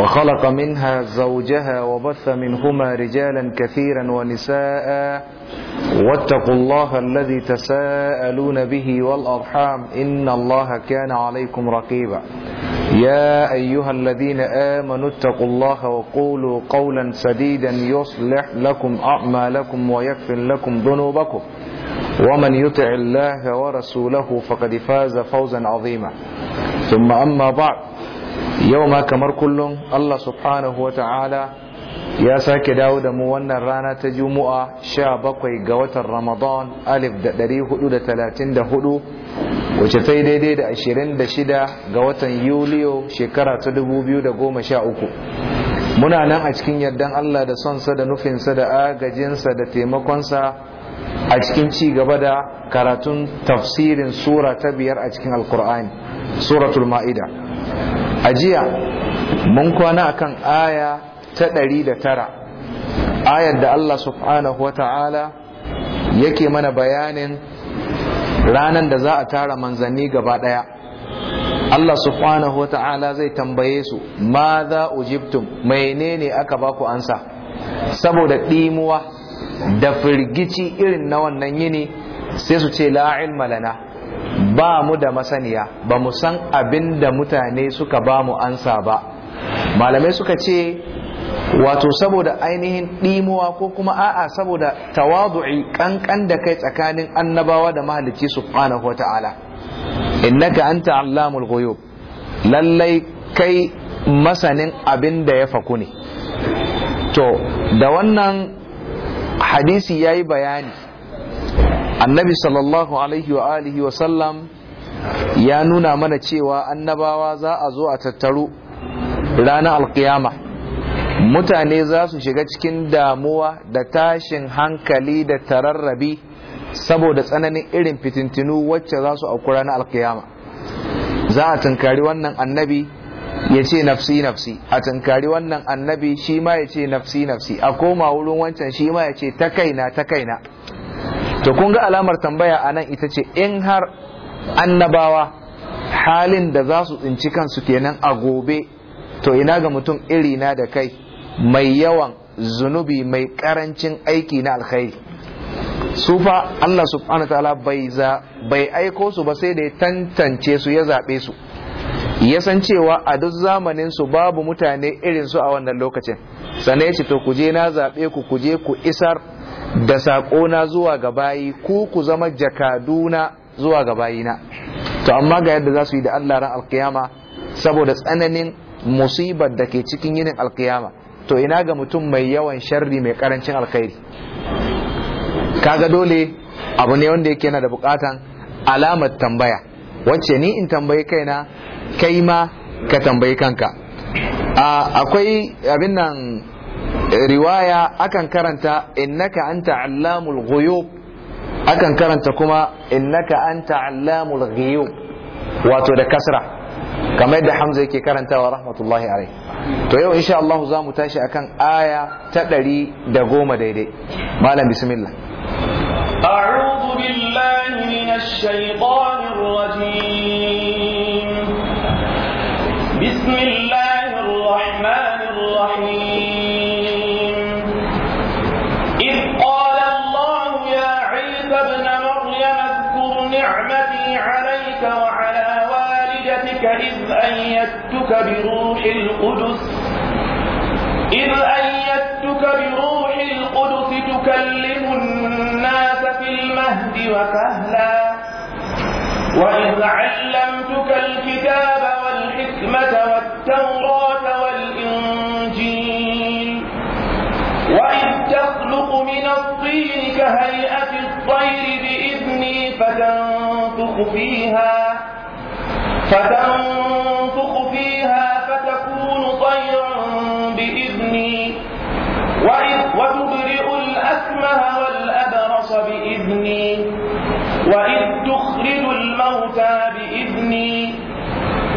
وخلق منها زوجها وبث منهما رجالا كثيرا ونساء واتقوا الله الذي تساءلون به والأرحام إن الله كان عليكم رقيبا يا أيها الذين آمنوا اتقوا الله وقولوا قولا سديدا يصلح لكم أعمالكم ويكفر لكم ذنوبكم ومن يطع الله ورسوله فقد فاز فوزا عظيما ثم أما بعد yau ma kamar kullum Allah subhanahu wa ta'ala ya sake dawo da mu wannan rana ta juma'a sha bakwai ga watan ramadan alif da talatin da hudu wacce ta yi daidai da ashirin da shida ga watan yuliyo shekara ta dubu da goma sha uku muna nan a cikin yardan Allah da sonsa da nufinsa da agajinsa da taimakonsa a cikin ci gaba da karatun tafsirin sura ta biyar a cikin alkur'ani suratul ma'ida ajiya mun kwana akan aya ta ɗari da tara ayar da Allah subhanahu wa ta'ala yake mana bayanin ranar da za a tara manzanni gaba ɗaya Allah subhanahu wa ta'ala zai tambaye su ma za ujibtum menene aka baku ansa saboda ɗimuwa da firgici irin na wannan yini sai su ce la ilma lana ba mu da masaniya ba mu san abin da mutane suka ba mu ansa ba malamai suka ce wato saboda ainihin ɗimuwa ko kuma a'a saboda tawadu'i kankan da kai tsakanin annabawa da mahalicci subhanahu wa ta'ala innaka anta allamul ghuyub lallai kai masanin abin da ya faku ne to da wannan hadisi yayi bayani annabi sallallahu alaihi wa alihi wa sallam ya nuna mana cewa annabawa za a zo a tattaru ranar alkiyama mutane za su shiga cikin damuwa da tashin hankali da tararrabi saboda tsananin irin fitintinu wacce za su auku ranar alkiyama za a tunkari wannan annabi ya ce nafsi nafsi a tunkari wannan annabi shi ma ya ce nafsi nafsi a koma wurin wancan shi ma ya ce ta kaina ta kaina to kun ga alamar tambaya a nan ita ce in har annabawa halin da za su tsinci kansu kenan a gobe to ina ga mutum irina da kai mai yawan zunubi mai karancin aiki na alkhairi su fa Allah subhanahu ta'ala bai za bai aiko su ba sai da ya tantance su ya zaɓe su ya san cewa a duk zamanin su babu mutane irin su a wannan lokacin sannan ya ce to kuje na zaɓe ku kuje ku isar da saƙona zuwa ga bayi ku ku zama jakaduna zuwa ga bayina to amma ga yadda za su yi da Allah ran alkiyama saboda tsananin musibar da ke cikin yinin alkiyama to ina ga mutum mai yawan sharri mai karancin alkhairi kaga dole abu ne wanda yake yana da bukatan alamar tambaya wacce ni in tambayi kaina kai ma ka tambayi kanka akwai abin nan riwaya akan karanta innaka anta allamul ghuyub akan karanta kuma innaka anta allamul ghuyub wato da kasra kamar yadda hamza yake karantawa rahmatullahi alai to yau insha Allah za mu tashi akan aya ta ɗari da goma daidai malam bismillah أعوذ بالله من الشيطان الرجيم بسم الله بروح القدس إذ أيدتك بروح القدس تكلم الناس في المهد وكهلا وإذ علمتك الكتاب والحكمة والتوراة والإنجيل وإذ تخلق من الطين كهيئة الطير بإذني فتنفخ فيها فتنفخ فيها فتكون طيرا بإذني وتبرئ الأكمه والأبرص بإذني وإذ تخرج الموتى بإذني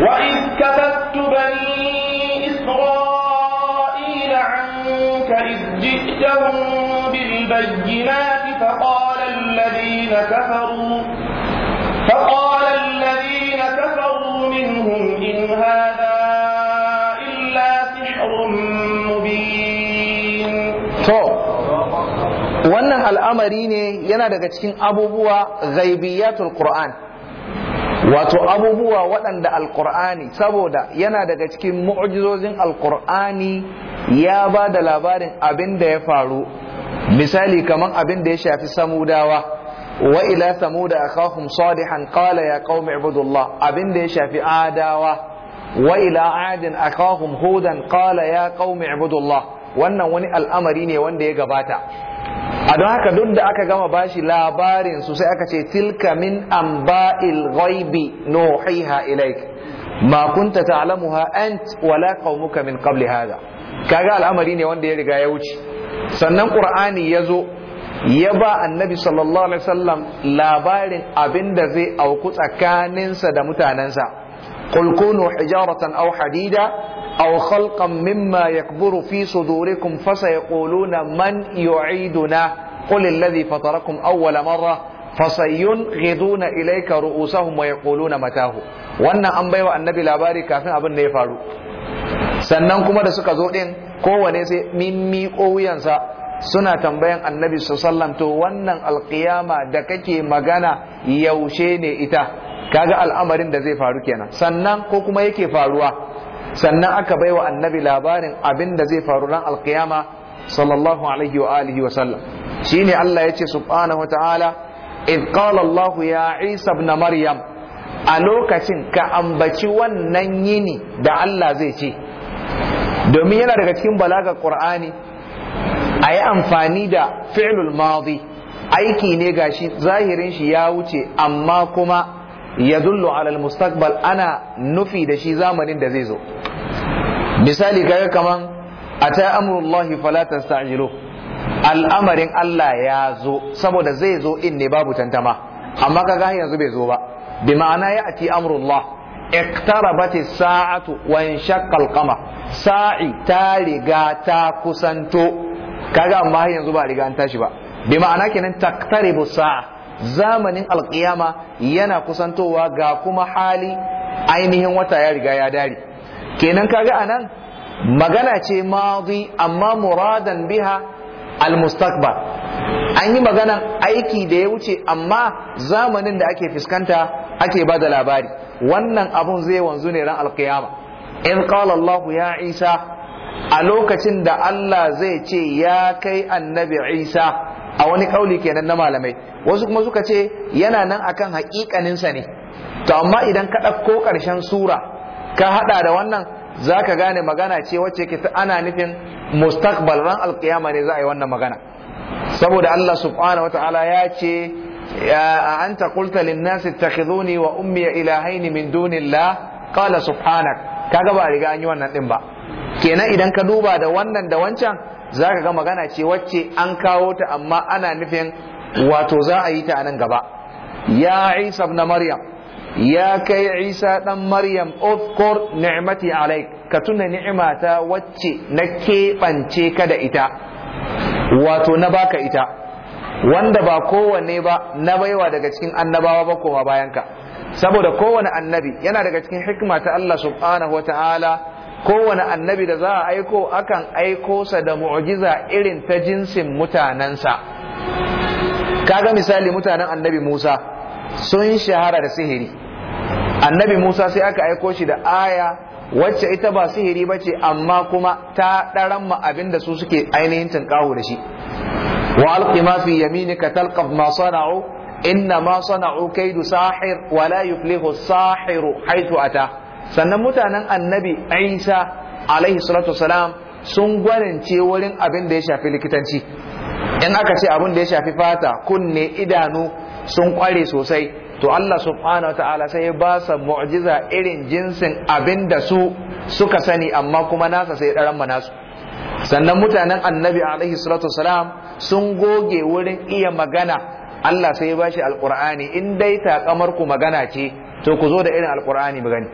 وإذ كتبت بني إسرائيل عنك إذ جئتهم بالبينات فقال الذين كفروا فقال قومهم إن هذا إلا سحر مبين wannan al'amari ne yana daga cikin abubuwa ghaibiyatul Qur'an wato abubuwa waɗanda Alkur'ani saboda yana daga cikin mu'jizozin Alkur'ani, ya ba da labarin abin da ya faru misali kamar abin da ya shafi samudawa wa ila samuda akhahum salihan qala ya qaumi ibudullah abin da ya shafi adawa wa ila adin akhahum hudan qala ya qaumi ibudullah wannan wani al'amari ne wanda ya gabata a don haka duk da aka gama bashi labarin su sai aka ce tilka min amba'il ghaibi nuhiha ilaik ma kunta ta'lamuha ant wala qaumuka min qabli hadha kaga al'amari ne wanda ya riga ya wuce sannan qur'ani ya zo ya ba annabi sallallahu alaihi wasallam labarin abin da zai auku tsakaninsa da mutanensa qul kunu hijaratan aw hadida aw khalqan mimma yakburu fi sudurikum fasayaquluna man yu'iduna قل fasayun فطركم أول مرة فسينغضون إليك رؤوسهم ويقولون matahu wannan an baiwa annabi labari kafin abin da ya faru sannan kuma da suka zo din kowane sai mimmi ko wuyansa suna tambayan annabi sallam to wannan alkiyama da kake magana yaushe ne ita kaga al'amarin da zai faru kenan sannan ko kuma yake faruwa sannan aka baiwa annabi labarin abin da zai faru ran alkiyama sallallahu alaihi wa alihi wa sallam shine Allah ya ce subhanahu wa ta'ala id qala Allah ya Isa ibn Maryam a lokacin ka ambaci wannan yini da Allah zai ce domin yana daga cikin balagar Qur'ani a yi amfani da fi'lul madi aiki ne ga shi zahirin shi ya wuce amma kuma ya dullu alal mustaqbal ana nufi da shi zamanin da zai zo misali kaga kaman ata amrullahi fala tastajilu al'amarin Allah ya zo saboda zai zo in ne babu tantama amma kaga yanzu bai zo ba bi ma'ana ya ati amrullah اقتربت الساعة وانشق القمر ساعي ta riga ta كسنتو kaga amma har yanzu ba riga an tashi ba bi ma'ana kenan taqtaribu sa'a zamanin alƙiyama yana kusantowa ga kuma hali ainihin wata ya riga ya dare kenan kaga anan magana ce madi amma muradan biha almustaqbal an yi maganan aiki da ya wuce amma zamanin da ake fuskanta ake ba da labari wannan abun zai wanzu ne ran alkiyama in qala Allah ya Isa a lokacin da Allah zai ce ya kai annabi Isa a wani kauli kenan na malamai wasu kuma suka ce yana nan akan sa ne to amma idan ka ɗauko ƙarshen sura ka haɗa da wannan zaka gane magana ce wacce ke ana nufin mustaqbal ran alƙiyama ne za a yi wannan magana saboda Allah subhanahu wataala ya ce ya qulta lin للناس اتخذوني wa ummi من min الله qala سبحانك kaga ba riga an yi wannan din ba kenan idan ka duba da wannan da wancan za ka ga magana ce wacce an kawo ta amma ana nufin wato za a yi ta a nan gaba ya isa na maryam ya kai isa dan maryam uzkur ni'mati alaik ka tuna ni'imata wacce na keɓance ka da ita wato na baka ita wanda ba kowanne ba na baiwa daga cikin annabawa ba koma bayanka saboda kowane annabi yana daga cikin hikima ta Allah subhanahu wa ta'ala kowane annabi da za a aiko akan aiko sa da mu'jiza irin ta jinsin mutanensa kaga misali mutanen annabi Musa sun shahara da sihiri annabi Musa sai aka aiko shi da aya wacce ita ba sihiri ba ce amma kuma ta ɗaran ma abin da su suke ainihin tunƙaho da shi wa alqi ma fi yaminika talqaf ma sana'u inna ma sana'u kaidu sahir wa la yuflihu sahiru haitu ata sannan mutanen annabi Isa alaihi salatu wasalam sun gwarance wurin abin da ya shafi likitanci in aka ce abin da ya shafi fata kunne idanu sun kware sosai to Allah subhanahu wa ta'ala sai ya ba sa mu'jiza irin jinsin abin da su suka sani amma kuma nasa sai ɗaran nasu sannan mutanen annabi alaihi salatu wasalam sun goge wurin iya magana Allah sai ya bashi alqur'ani in dai takamar ku magana ce to ku zo da irin alqur'ani mu gani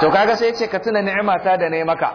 to kaga sai yace ka tuna ni'imata da na maka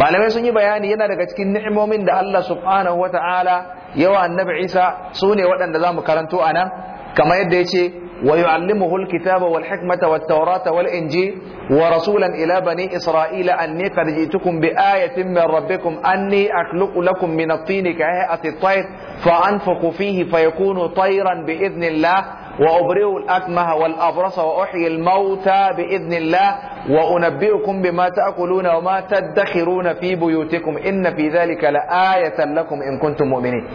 malamai sun yi bayani yana daga cikin ni'imomin da Allah subhanahu wata'ala yawa annabi Isa su ne waɗanda zamu karanto a nan kamar yadda yace ويعلمه الكتاب والحكمة والتوراة والإنجيل ورسولا إلى بني إسرائيل أني قد جئتكم بآية من ربكم أني أخلق لكم من الطين كهيئة الطير فأنفق فيه فيكون طيرا بإذن الله وأبرئ الأكمه والأبرص وأحيي الموتى بإذن الله وأنبئكم بما تأكلون وما تدخرون في بيوتكم إن في ذلك لآية لكم إن كنتم مؤمنين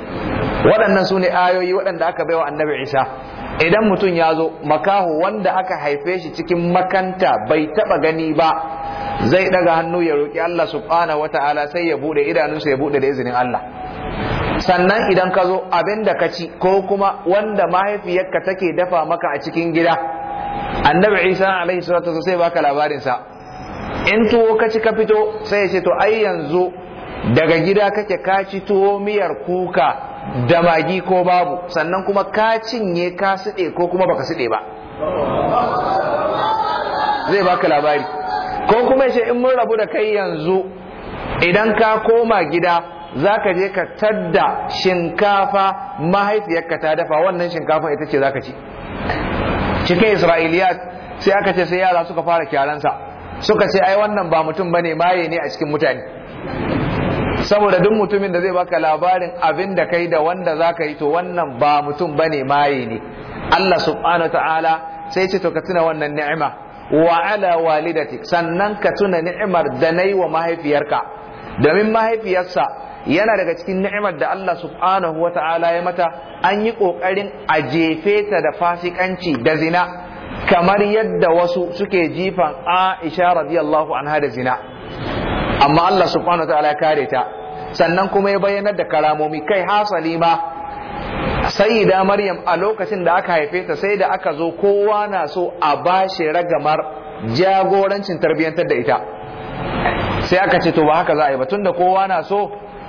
ولن su ne ولن ذاك بها النبي عيسى idan mutum ya zo makaho wanda aka haife shi cikin makanta bai taba gani ba zai daga hannu ya roki Allah subhanahu wataala sai ya bude idanunsa ya bude da izinin Allah sannan idan ka zo abin ka ci ko kuma wanda mahaifiyarka take dafa maka a cikin gida annabi isa alaihi salatu sai baka labarin sa in tuwo ka ci ka fito sai ya ce to ai yanzu daga gida kake ka ci tuwo miyar kuka da magi ko babu sannan kuma ka cinye ka siɗe ko kuma baka siɗe ba zai baka labari ko kuma ce in mun rabu da kai yanzu idan ka koma gida za ka je ka tadda shinkafa mahaifiyarka ta dafa wannan shinkafa ita ce za ka ci cikin Isra'iliya sai aka ce sai yara suka fara kyaransa suka ce ai wannan ba mutum bane maye ne a cikin mutane saboda duk mutumin da zai baka labarin abin da kai da wanda za ka yi to wannan ba mutum ba ne maye ne Allah subhanahu ta'ala sai ce to ka tuna wannan ni'ima wa ala walidati sannan ka tuna ni'imar da na wa mahaifiyarka domin mahaifiyarsa yana daga cikin ni'imar da Allah subhanahu wa ta'ala ya mata an yi ƙoƙarin a jefe ta da fasikanci da zina kamar yadda wasu suke jifan Aisha radiyallahu anha da zina amma Allah subhanahu wataala ya kare ta sannan kuma ya bayyanar da karamomi kai hasali ma Maryam a lokacin da aka haife ta sai da aka zo kowa na so a bashi ragamar jagorancin tarbiyyantar da ita sai aka ce to ba haka za a yi ba tunda kowa na so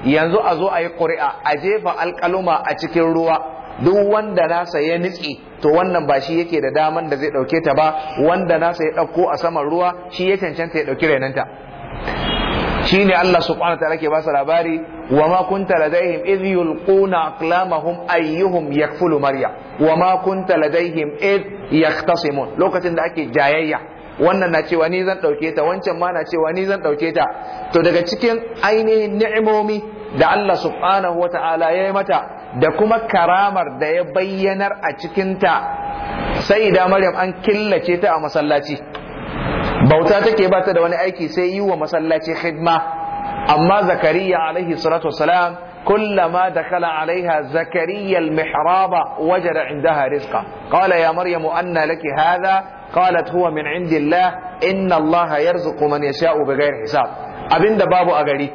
yanzu a zo a yi ƙuri'a a jefa alƙaluma a cikin ruwa duk wanda nasa ya nitsi to wannan ba shi yake da daman da zai ɗauke ta ba wanda nasa ya ɗauko a saman ruwa shi ya cancanta ya ɗauki rainanta shine Allah subhanahu wataala ke ba su labari wa ma kunta ladaihim idh yulquna aqlamahum ayyuhum yakfulu maryam wa ma kunta ladaihim idh yaktasimun lokacin da ake jayayya wannan na cewa ni zan dauke ta wancan ma na cewa ni zan dauke ta to daga cikin ainihin ni'imomi da Allah subhanahu wataala ya yi mata da kuma karamar da ya bayyanar a cikinta sai da Maryam an killace ta a masallaci bauta take ba ta da wani aiki sai yi wa masallaci khidma amma zakariya alaihi salatu wassalam كلما دخل عليها زكريا المحراب وجد عندها رزقا قال يا مريم أن لك هذا قالت هو من عند الله إن الله يرزق من يشاء بغير حساب أبن بابو أغري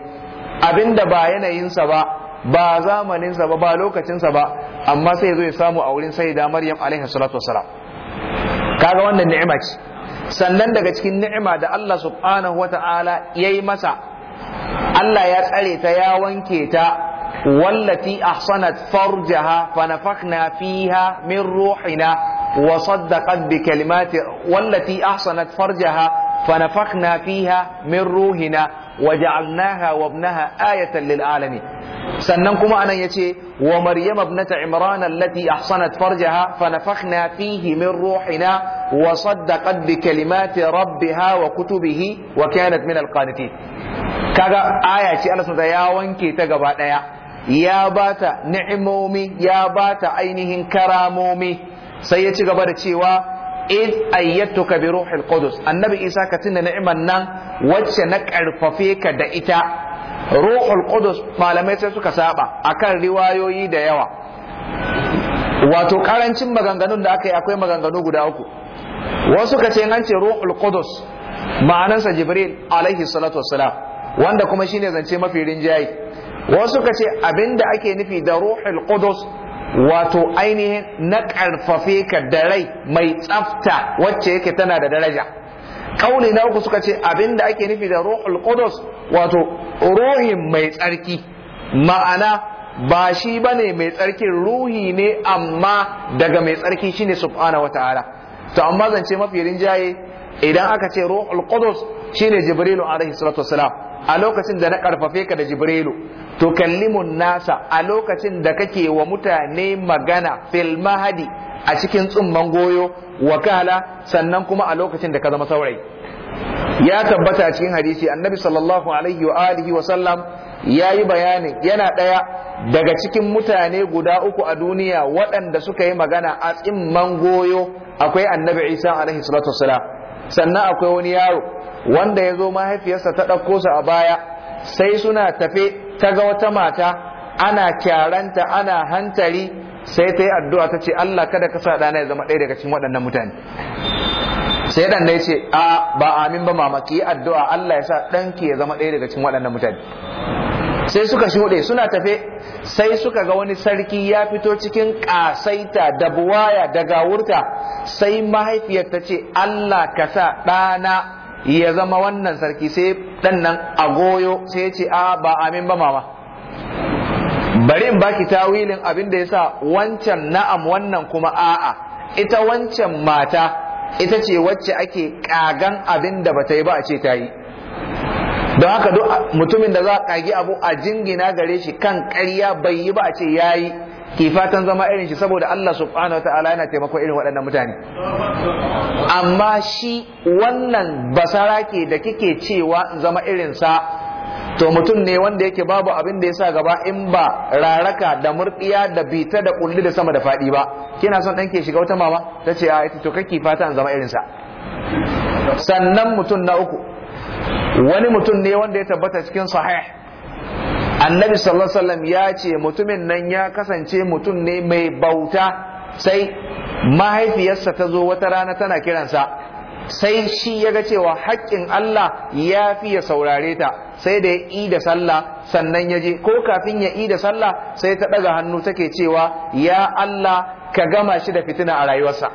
أبن با ينين سبا با زامن سبا با لوكة سبا أما سيدو يسامو أولين سيدة مريم عليه الصلاة والسلام kaga wannan ni'ima ce sannan daga cikin ni'ima da Allah subhanahu wata'ala ya yi masa Allah ya tsare ta ya wanke ta wallati ahsanat farjaha fa nafakhna fiha min ruhina wa saddaqat bi kalimati wallati ahsanat farjaha fa nafakhna fiha min ruhina waja'alnaha wa ibnaha ayatan lil sannan kuma anan yace wa maryam ibnata imran allati ahsanat farjaha fanafakhna fihi min ruhina wa saddaqat bi kalimati rabbiha wa kutubihi wa kanat min alqanitin kaga aya ce Allah subhanahu ya wanke ta gaba daya ya bata ni'imomi ya bata ainihin karamomi sai ya ci gaba da cewa id ayyatuka bi ruhil qudus annabi isa ka tunda ni'man nan wacce na karfafe ka da ita ruhul qudus malamai sai suka saba akan riwayoyi da yawa wato karancin maganganun da aka yi akwai maganganu guda uku wasu ka ce an ce ruhul qudus ma'anarsa jibril alaihi salatu wassalam wanda kuma shine zance mafi rinjaye wasu ka ce abinda ake nufi da ruhul qudus wato ainihin na karfafe ka da rai mai tsafta wacce yake tana da daraja kauli na uku suka ce abinda ake nufi da ruhul qudus wato ruhin mai tsarki ma'ana ba shi bane mai tsarkin ruhi ne amma daga mai tsarki shine subhanahu wataala to amma zance mafi rinjaye idan aka ce ruhul qudus shine jibrilu alaihi salatu wassalam a lokacin da na karfafe ka da jibrilu tukallimun nasa a lokacin da kake wa mutane magana fil mahadi a cikin tsumman goyo wakala sannan kuma a lokacin da ka zama saurayi ya tabbata cikin hadisi annabi sallallahu alaihi wa alihi wa sallam ya yi bayanin yana ɗaya daga cikin mutane guda uku a duniya waɗanda suka yi magana a tsimman goyo akwai annabi isa alaihi salatu wassalam sannan akwai wani yaro wanda ya zo mahaifiyarsa ta ɗauko sa a baya sai suna tafe ta ga wata mata ana kyaranta ana hantari sai ta yi addu'a ta ce Allah kada ka sa ɗana ya zama ɗaya daga cikin waɗannan mutane sai ɗan da ce a ba amin ba mamaki addu'a Allah ya sa ɗanki ya zama ɗaya daga cikin waɗannan mutane sai suka shuɗe suna tafe sai suka ga wani sarki ya fito cikin ƙasaita da buwaya da gawurta sai mahaifiyar ta ce Allah ka sa ɗana ya zama wannan sarki sai dan nan a goyo sai ya ce a ba amin ba mama bari in baki tawilin abin da yasa wancan na'am wannan kuma a'a ita wancan mata ita ce wacce ake kagan abin da ba ta yi ba a ce ta yi don haka duk mutumin da za a kagi abu a jingina gare shi kan ƙarya bai yi ba a ce ya yi ke fatan zama irin shi saboda Allah subhanahu ta'ala yana taimako irin waɗannan mutane amma shi wannan basara ke da kike cewa zama irin sa to mutum ne wanda yake babu abin da ya sa gaba in ba raraka da murdiya da bita da kulli da sama da faɗi ba kina son dan ke shiga wata mama ta ce a ita to kake fata an zama sa, sannan mutum na uku wani mutum ne wanda ya tabbata cikin sahih annabi sallallahu alaihi ya ce mutumin nan ya kasance mutum ne mai bauta sai mahaifiyarsa ta zo wata rana tana kiransa sai shi ya ga cewa haƙƙin Allah ya fi ya saurare ta sai da ya yi sallah sannan ya je ko kafin ya yi sallah sai ta ɗaga hannu take cewa ya Allah ka gama shi da fitina a rayuwarsa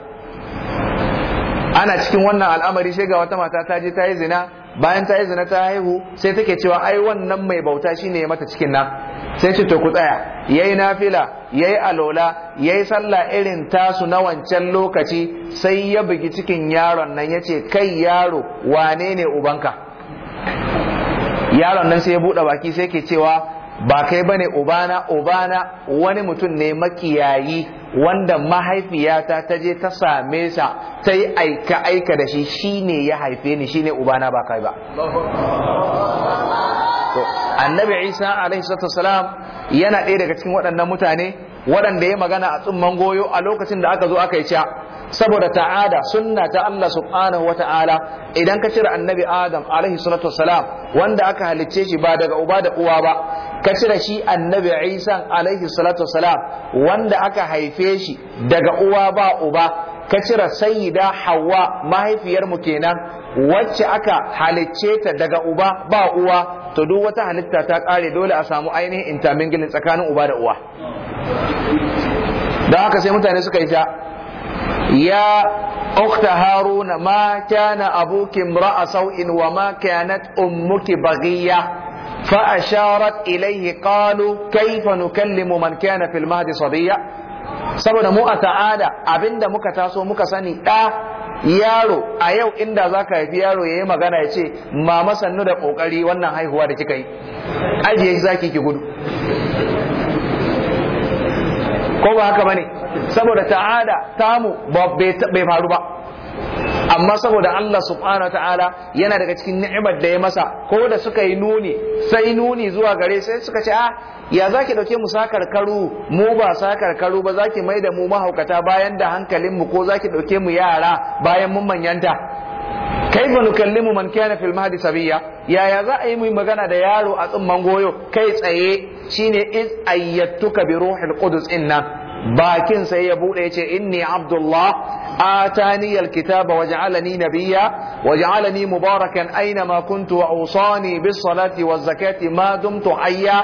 ana cikin wannan al'amari sai ga wata mata ta je ta yi zina bayan ta yi zina ta haihu sai take cewa ai wannan mai bauta shine ya mata cikin nan sai ce to ku tsaya yayi nafila yayi alola yayi sallah irin tasu na wancan lokaci sai ya bugi cikin yaron nan yace kai yaro wane ne ubanka yaron nan sai ya bude baki sai ke cewa ba kai bane ubana ubana wani mutum ne makiyayi wanda mahaifiyata ta je ta same sa ta yi aika aika da shi shine ya haife ni shine ubana ba kai ba annabi isa alaihi salatu wasalam yana ɗaya daga cikin waɗannan mutane waɗanda ya magana a tsumman goyo a lokacin da aka zo aka yi ca saboda ta'ada sunna ta Allah subhanahu wata'ala idan ka cire annabi Adam alaihi salatu wassalam wanda aka halicce shi ba daga uba da uwa ba ka cire shi annabi Isa alaihi salatu wassalam wanda aka haife shi daga uwa ba uba ka cire sayyida Hawwa mahaifiyar mu kenan wacce aka halicce ta daga uba ba uwa to duk wata halitta ta kare dole a samu ainihin intermingling tsakanin uba da uwa Da haka sai mutane suka yi ta يا أخت هارون ما كان أبوك امرأ سوء وما كانت أمك بغية فأشارت إليه قالوا كيف نكلم من كان في المهد صبيا saboda mu a ta'ada abinda muka taso muka sani ɗa yaro a yau inda za ka haifi yaro ya yi magana ya ce mama sannu da ƙoƙari wannan haihuwa da kika yi ajiye zaki ki gudu ko ba haka bane saboda ta'ada tamu bai faru ba amma saboda Allah subhanahu ta'ala yana daga cikin ni'imar da ya masa ko da suka yi nuni sai nuni zuwa gare sai suka ce ah ya zaki dauke mu sakar karu mu ba sakar karu ba zaki mai da mu mahaukata bayan da hankalin mu ko zaki dauke mu yara bayan mun manyanta كيف نكلم من كان في المهد سبيا يا يا زعيم مغنا ده يارو ا تصم مانغويو كاي تساي شينه اذ ايتك بروح القدس ان باكن سي يبوده يتي اني عبد الله اتاني الكتاب وجعلني نبيا وجعلني مباركا اينما كنت واوصاني بالصلاه والزكاه ما دمت حيا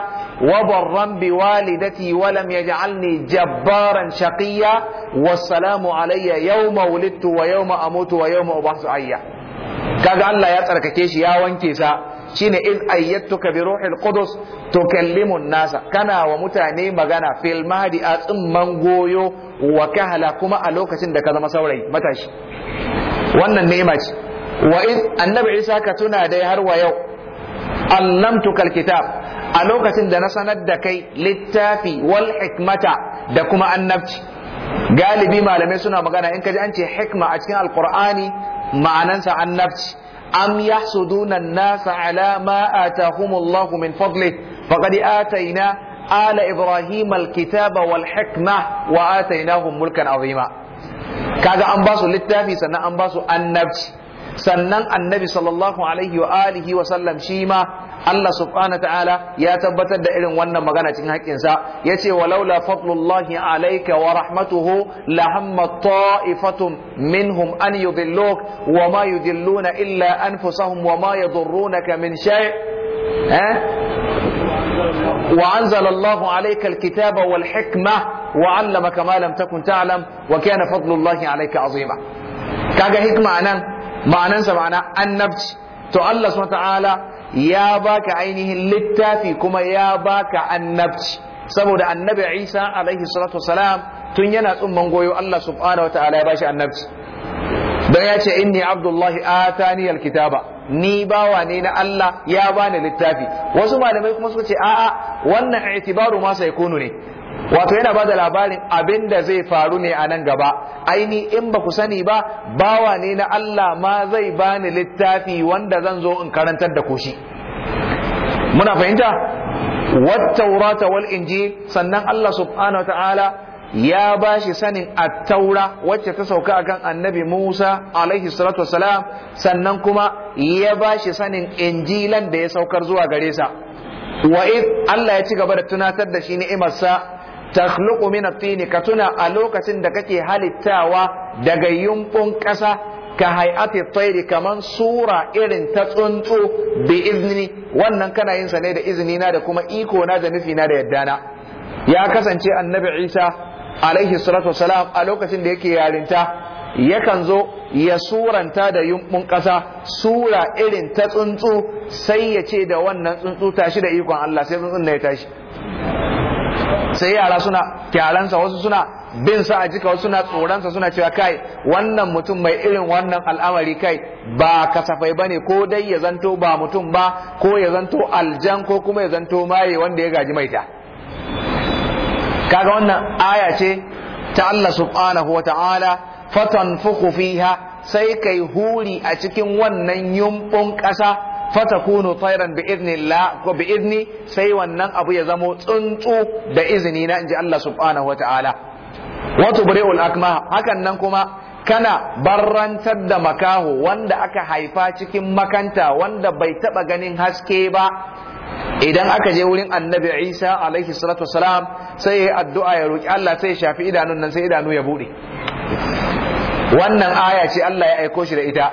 وبرا بوالدتي ولم يجعلني جبارا شقيا والسلام علي يوم ولدت ويوم اموت ويوم أبحث حيا kaga Allah ya tsarkake shi ya wanke sa shine in ayyatuka bi ruhil qudus tukallimu nasa kana wa mutane magana fil mahdi a tsimman goyo wa kahala kuma a lokacin da ka zama saurayi matashi wannan ni'ima ce wa in annabi isa ka tuna dai har wa yau allamtukal kitab a lokacin da na sanar da kai littafi wal hikmata da kuma annabci galibi malamai suna magana in kaji an ce hikma a cikin alqur'ani ma'anansa annabci am yahsuduna an-nasa ala ma atahumullahu min fadli faqad ataina ala ibrahima alkitaba wal hikma wa atainahum mulkan azima kaga an basu littafi sannan an basu annabci sannan annabi sallallahu alaihi wa alihi wa sallam shi ma Allah subhanahu wa ta'ala ya tabbatar da irin wannan magana cikin haƙƙinsa ya ce walaula fadlullahi alayka wa rahmatuhu la hamma ta'ifatun minhum an yudilluk wa ma yudilluna illa anfusahum wa ma yadurrunaka min shay' eh وأنزل الله عليك الكتاب والحكمة وعلمك ما لم تكن تعلم وكان فضل الله عليك عظيما كاجا حكمة أنا ma'anansa ma'ana annabci to Allah subhanahu ta'ala ya baka ainihin littafi kuma ya baka annabci saboda annabi Isa alaihi salatu wasalam tun yana tsumman goyo Allah subhanahu ta'ala ya bashi annabci dan ya ce inni abdullahi atani alkitaba ni bawa ne na Allah ya bani littafi wasu malamai kuma suka ce a'a wannan itibaru ma sai kunu ne wato yana ba da labarin abin da zai faru ne a nan gaba aini in ba ku sani ba bawa ne na Allah ma zai bani littafi wanda zan zo in karantar da ku shi muna fahimta wattaurata wal injil sannan Allah subhanahu ta'ala ya ba shi sanin attaura wacce ta sauka akan annabi Musa alaihi salatu wassalam sannan kuma ya ba shi sanin injilan da ya saukar zuwa gare sa wa Allah ya ci gaba da tunatar da shi ni'imarsa takhluqu min at-tin ka tuna a lokacin da kake halittawa daga yumbun ƙasa ka hay'ati tayri kaman sura irin ta tsuntsu bi izni wannan kana yin sa ne da izini na da kuma iko na da nufi na da yadda na ya kasance annabi Isa alaihi salatu wasalam a lokacin da yake yarinta yakan zo ya suranta da yumbun ƙasa sura irin ta tsuntsu sai ya ce da wannan tsuntsu tashi da ikon Allah sai tsuntsun ne ya tashi sai yara suna kyaransa wasu suna bin sa a jika wasu suna tsoronsa suna cewa kai wannan mutum mai irin wannan al'amari kai ba kasafai bane ko dai ya zanto ba mutum ba ko ya zanto aljan ko kuma ya zanto maye wanda ya gaji maita kaga wannan aya ce ta Allah subhanahu wa ta'ala fuku fiha sai kai huri a cikin wannan yumbun ƙasa fatakunu tayran bi idnillah ko bi idni sai wannan abu ya zamo tsuntsu da izini na inji Allah subhanahu wataala wa tubri'ul akma hakan nan kuma kana barrantar da makaho wanda aka haifa cikin makanta wanda bai taba ganin haske ba idan aka je wurin annabi isa alaihi salatu wasalam sai ya addu'a ya roki Allah sai ya shafi idanun nan sai idanu ya bude wannan aya ce Allah ya aiko shi da ita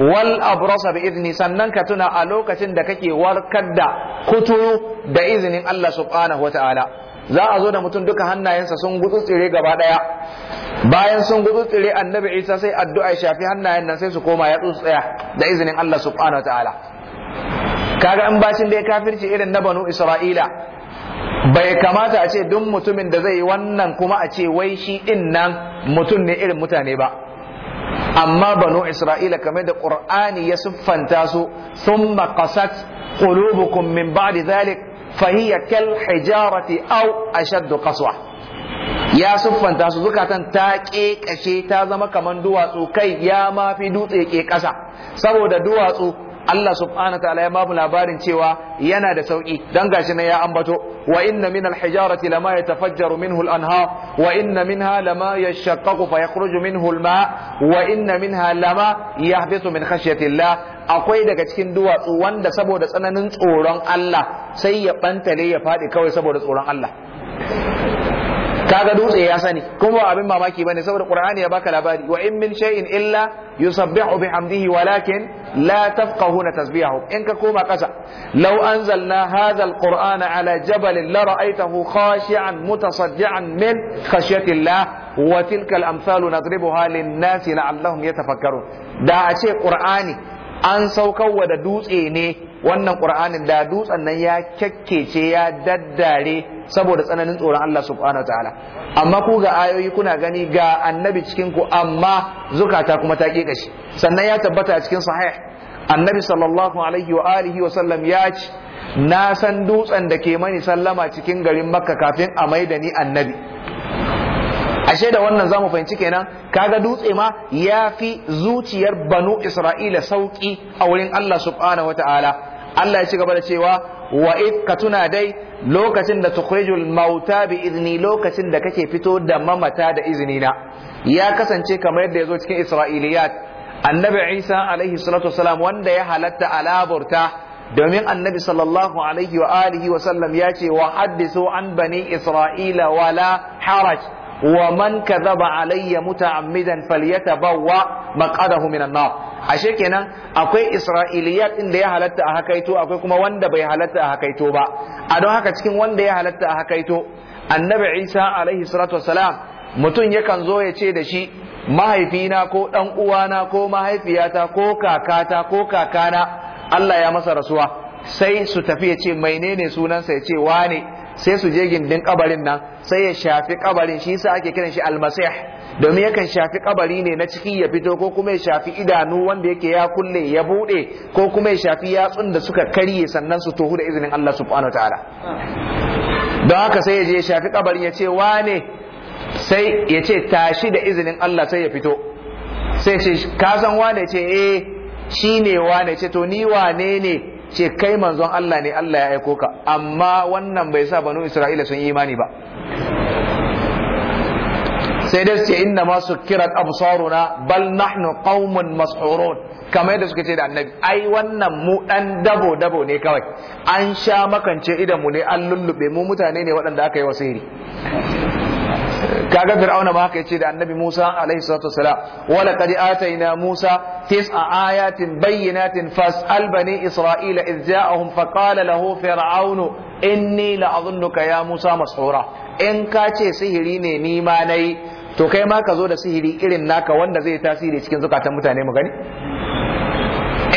wal abrasa bi izni sannan ka tuna a lokacin da kake warkar da kuturu da izinin Allah subhanahu wataala za a zo da mutum duka hannayensa sun tsire gaba daya bayan sun tsire annabi Isa sai addu'a ya shafi hannayen nan sai su koma ya tsaya da izinin Allah subhanahu wataala kaga in bashin da ya kafirci irin na banu Isra'ila bai kamata a ce duk mutumin da zai yi wannan kuma a ce wai shi din nan mutum ne irin mutane ba amma banu isra'ila kamar da qur'ani ya siffanta su thumma qasat qulubukum min ba'di dhalik fahiya kal hijarati aw ashaddu qaswa ya siffanta su zukatan ta ƙeƙashe ta zama kaman duwatsu kai ya ma fi dutse ke kasa saboda duwatsu Allah subhanahu ta'ala ya bamu labarin cewa yana da sauki dan gashi na ya ambato wa inna min al-hijarati lama yatafajjaru minhu al-anhar wa inna minha lama yashaqqaqu fa yakhruju minhu al-ma wa inna minha lama yahbisu min khashyati Allah akwai daga cikin duwatsu wanda saboda tsananin tsoron Allah sai ya bantale ya fadi kawai saboda tsoron Allah kaga dutse ya sani kuma ba abin mamaki bane saboda qur'ani ya baka labari wa in min shay'in illa yusabbihu bihamdihi walakin la tafqahuna tasbihahu in ka koma kasa law anzalna hadha alqur'ana ala jabalin la ra'aytahu khashi'an mutasaddian min khashyati llah wa tilka al-amsalu nadribuha lin-nasi la'allahum yatafakkarun da a ce qur'ani an wa da dutse ne wannan qur'anin da dutsen nan ya kyakkece ya daddare saboda tsananin tsoron Allah subhanahu ta'ala. amma ku ga ayoyi kuna gani ga annabi cikin ku amma zukata kuma ta kika shi sannan ya tabbata a cikin sahih annabi sallallahu alaihi wa alihi wa sallam ya ce na san dutsen da ke mani sallama cikin garin makka kafin a mai da ni annabi ashe da wannan zamu fahimci kenan kaga dutse ma ya fi zuciyar banu isra'ila sauki a wurin Allah subhanahu ta'ala. Allah ya ci gaba da cewa wa ka tuna dai lokacin da tukhrijul mauta bi izni lokacin da kake fito da mamata da izini na ya kasance kamar yadda yazo cikin isra'iliyat annabi isa alaihi salatu wasalam wanda ya halatta alaburta domin annabi sallallahu alaihi wa alihi wa sallam ya ce wa haddisu an bani isra'ila wala haraj wa man kadhaba alayya muta'ammidan falyatabawwa maqadahu minan nar ashe kenan akwai isra'iliyat din da ya halatta a hakaito akwai kuma wanda bai halatta a hakaito ba a don haka cikin wanda ya halatta a hakaito annabi Isa alaihi salatu wassalam mutum yakan zo ya ce da shi mahaifina ko dan uwana ko mahaifiyata ko kakata ko kakana Allah ya masa rasuwa sai su tafi ya ce mai ne sunansa ya ce wane sai su je gindin kabarin nan sai ya shafi kabarin shi yasa ake kiran shi almasih domin yakan shafi kabari ne na ciki ya fito ko kuma ya shafi idanu wanda yake ya kulle ya bude ko kuma ya shafi yatsun da suka karye sannan su tohu da izinin Allah subhanahu wataala don haka sai ya je ya shafi kabarin ya ce wane sai ya ce tashi da izinin Allah sai ya fito sai ce ka san wane ce eh shine wane ce to ni wane ne ce kai manzon Allah ne Allah ya aiko ka amma wannan bai sa banu Isra'ila sun yi imani ba sai dai ce inna ma sukkirat absaruna bal nahnu qaumun mashurun kamar yadda suka ce da annabi ai wannan mu dan dabo dabo ne kawai an sha makance idan mu ne an lullube mu mutane ne waɗanda aka yi wasiri kaga fir'auna ba haka yace da annabi Musa alaihi salatu wasalam wa laqad ataina Musa tis'a ayatin bayyinatin fas'al bani isra'ila idh ja'ahum faqala lahu fir'aunu inni la'adhunnuka ya Musa mas'ura in ka ce sihiri ne ni ma nayi to kai ma ka zo da sihiri irin naka wanda zai tasiri cikin zukatan mutane mu gani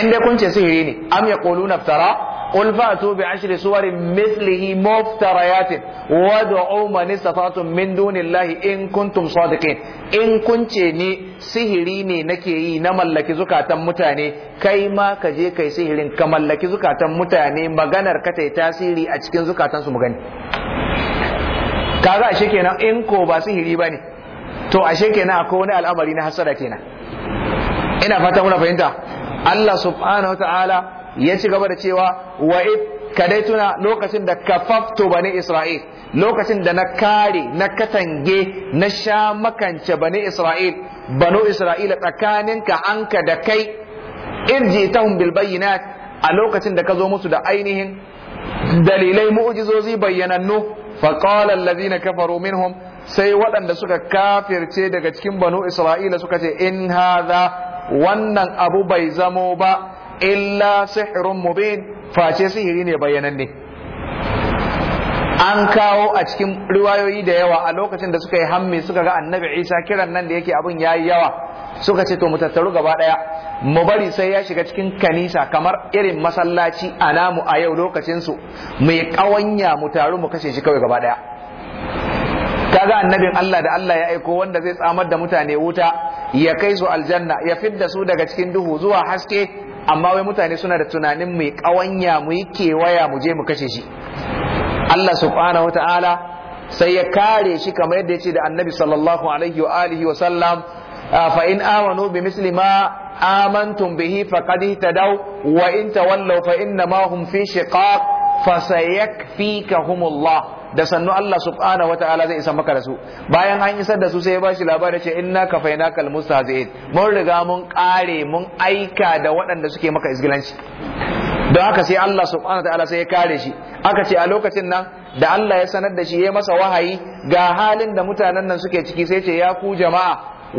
in dai kun ce sihiri ne am yaquluna iftara qul fa'tu bi ashri suwarin mithlihi muftariyatin wad'u man istata'tum min dunillahi in kuntum sadiqin in kunce ni sihiri ne nake yi na mallaki zukatan mutane kai ma ka je kai sihirin ka mallaki zukatan mutane maganar ka tai tasiri a cikin zukatan su mu gani kaga ashe kenan in ko ba sihiri ba ne, to ashe kenan akwai wani al'amari na hasada kenan ina fata muna fahimta Allah subhanahu wa ta'ala ya ci gaba da cewa wa dai tuna lokacin da fafto bane isra'il lokacin da na kare na katange na sha makance bani isra'il banu isra'ila ka anka da kai irji tahum bil bayyinat a lokacin da ka zo musu da ainihin dalilai mu'jizozi bayyanannu فقال الذين كفروا منهم sai waɗanda suka kafirce daga cikin bano isra'ila suka ce in haza wannan abu bai zamo ba illa sihrun mubin face sihiri ne bayanan ne. an kawo a cikin riwayoyi da yawa a lokacin da suka yi hammi suka ga annabi isa kiran nan da yake abin yayi yawa suka ce to mu tattaru gaba daya mu bari sai ya shiga cikin kanisa kamar irin masallaci a namu a yau lokacin su mai kawanya mu taru mu kashe shi kawai gaba daya kaga annabin Allah da Allah ya aiko wanda zai tsamar da mutane wuta ya kai su aljanna ya fidda su daga cikin duhu zuwa haske amma wai mutane suna da tunanin mai kawanya mu yi kewaya mu je mu kashe shi Allah subhanahu wataala sai ya kare shi kamar yadda ya ce da annabi sallallahu alaihi wa alihi wa sallam fa in amanu bi misli ma آمنتم به فقد اهتدوا وإن تولوا فإنما هم في شقاق فسيكفيكهم الله da sannu Allah subhanahu wataala zai isa maka da su bayan an isar da su sai ya bashi labari ce inna kafainaka almustahzi'in mun riga mun kare mun aika da waɗanda suke maka izgilanci don haka sai Allah subhanahu wataala sai ya kare shi aka ce a lokacin nan da Allah ya sanar da shi ya masa wahayi ga halin da mutanen nan suke ciki sai ce ya ku jama'a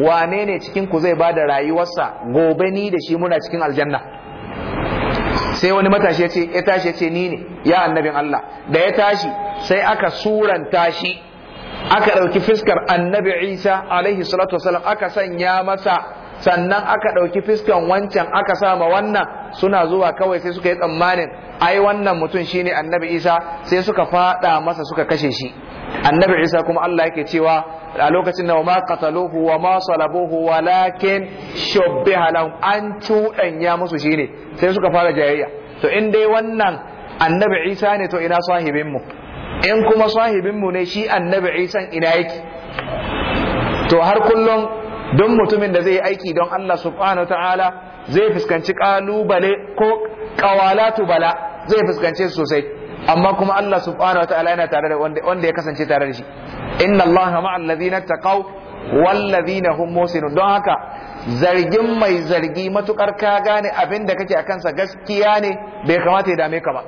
wane ne cikin ku zai bada rayuwarsa gobe ni da shi muna cikin aljanna sai wani matashi ya ce ya tashi ya ce ni ne ya annabin Allah da ya tashi sai aka suran tashi, aka ɗauki fiskar annabi Isa alaihi salatu wasalam aka sanya masa sannan aka ɗauki fiskar wancan aka ma wannan suna zuwa kawai sai suka yi tsammanin ai wannan mutum shine annabi Isa sai suka faɗa masa suka kashe shi annabi isa kuma Allah yake cewa a lokacin nawa ma qataluhu wa ma salabuhu walakin shubbiha lahum an cuɗanya musu shine sai suka fara jayayya to in dai wannan annabi isa ne to ina sahibin mu in kuma sahibin mu ne shi annabi isa ina yake to har kullum don mutumin da zai yi aiki don Allah subhanahu ta'ala zai fuskanci kalubale ko kawalatu bala zai fuskance su sosai amma kuma Allah subhanahu wa ta'ala yana tare da wanda ya kasance tare da shi inna Allah ma'al ladina taqaw wal ladina hum musinun don haka zargin mai zargi matukar ka gane abin da kake akan sa gaskiya ne bai kamata ya dame ka ba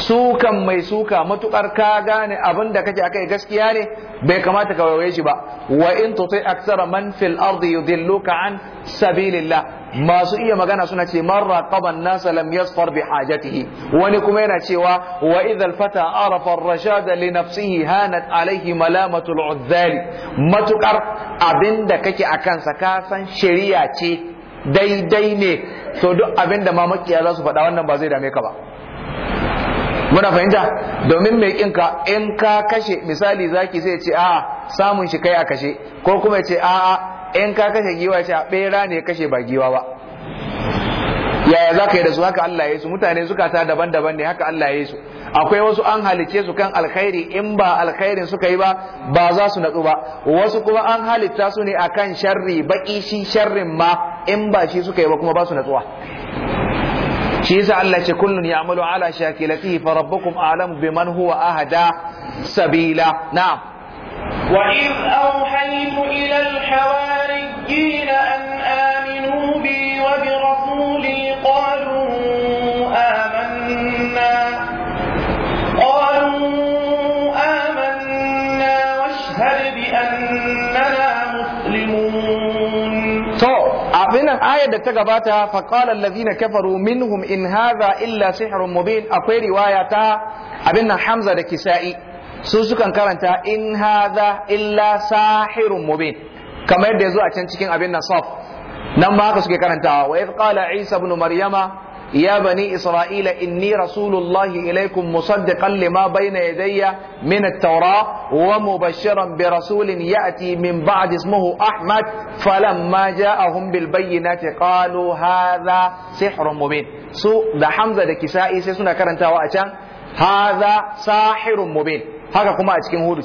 sukan mai suka matukar ka gane abin da kake akai gaskiya ne bai kamata ka waye shi ba wa in tuti aksara man fil ardi yudilluka an sabilillah masu iya magana suna ce man raqaba an-nas lam yasfar bi hajatihi wani kuma yana cewa wa idha al-fata arafa ar-rashad li nafsihi hanat alayhi malamatu al-uzzali matukar abinda kake akan sa ka san shari'a ce daidai ne to duk da mamaki ya za su faɗa wannan ba zai dame ka ba muna fahimta domin mai ka in ka kashe misali zaki sai ce a samun shi kai a kashe ko kuma ya ce a'a in ka kashe giwa shi a bera ne kashe ba giwa ba yaya za ka yi da su haka Allah ya yi su mutane suka ta daban-daban ne haka Allah ya yi su akwai wasu an halice su kan alkhairi in ba alkhairin suka yi ba ba za su natsu ba wasu kuma an halitta su ne a kan sharri baki shi sharrin ma in ba shi suka yi ba kuma ba su natsuwa shi yasa Allah ce kullun ya'malu ala shakilatihi fa rabbukum a'lamu biman huwa ahada sabila na'am wa idh awhaytu ila al-hawariyyin an abin ayar da ta gabata fa qala kafaru minhum in hadha illa sihirun mubin akwai riwaya ta abin nan hamza da kisa'i su sukan karanta in hadha illa sahirun mubin kamar yadda zo a can cikin abin nan saf nan ma haka suke karantawa wa idh qala isa ibn maryama يا بني إسرائيل إني رسول الله إليكم مصدقا لما بين يدي من التوراة ومبشرا برسول يأتي من بعد اسمه أحمد فلما جاءهم بالبينات قالوا هذا سحر مبين سو ده حمزة ده كسائي سيسونا كرنتا وأتان هذا ساحر مبين هكا كما أتكين هودو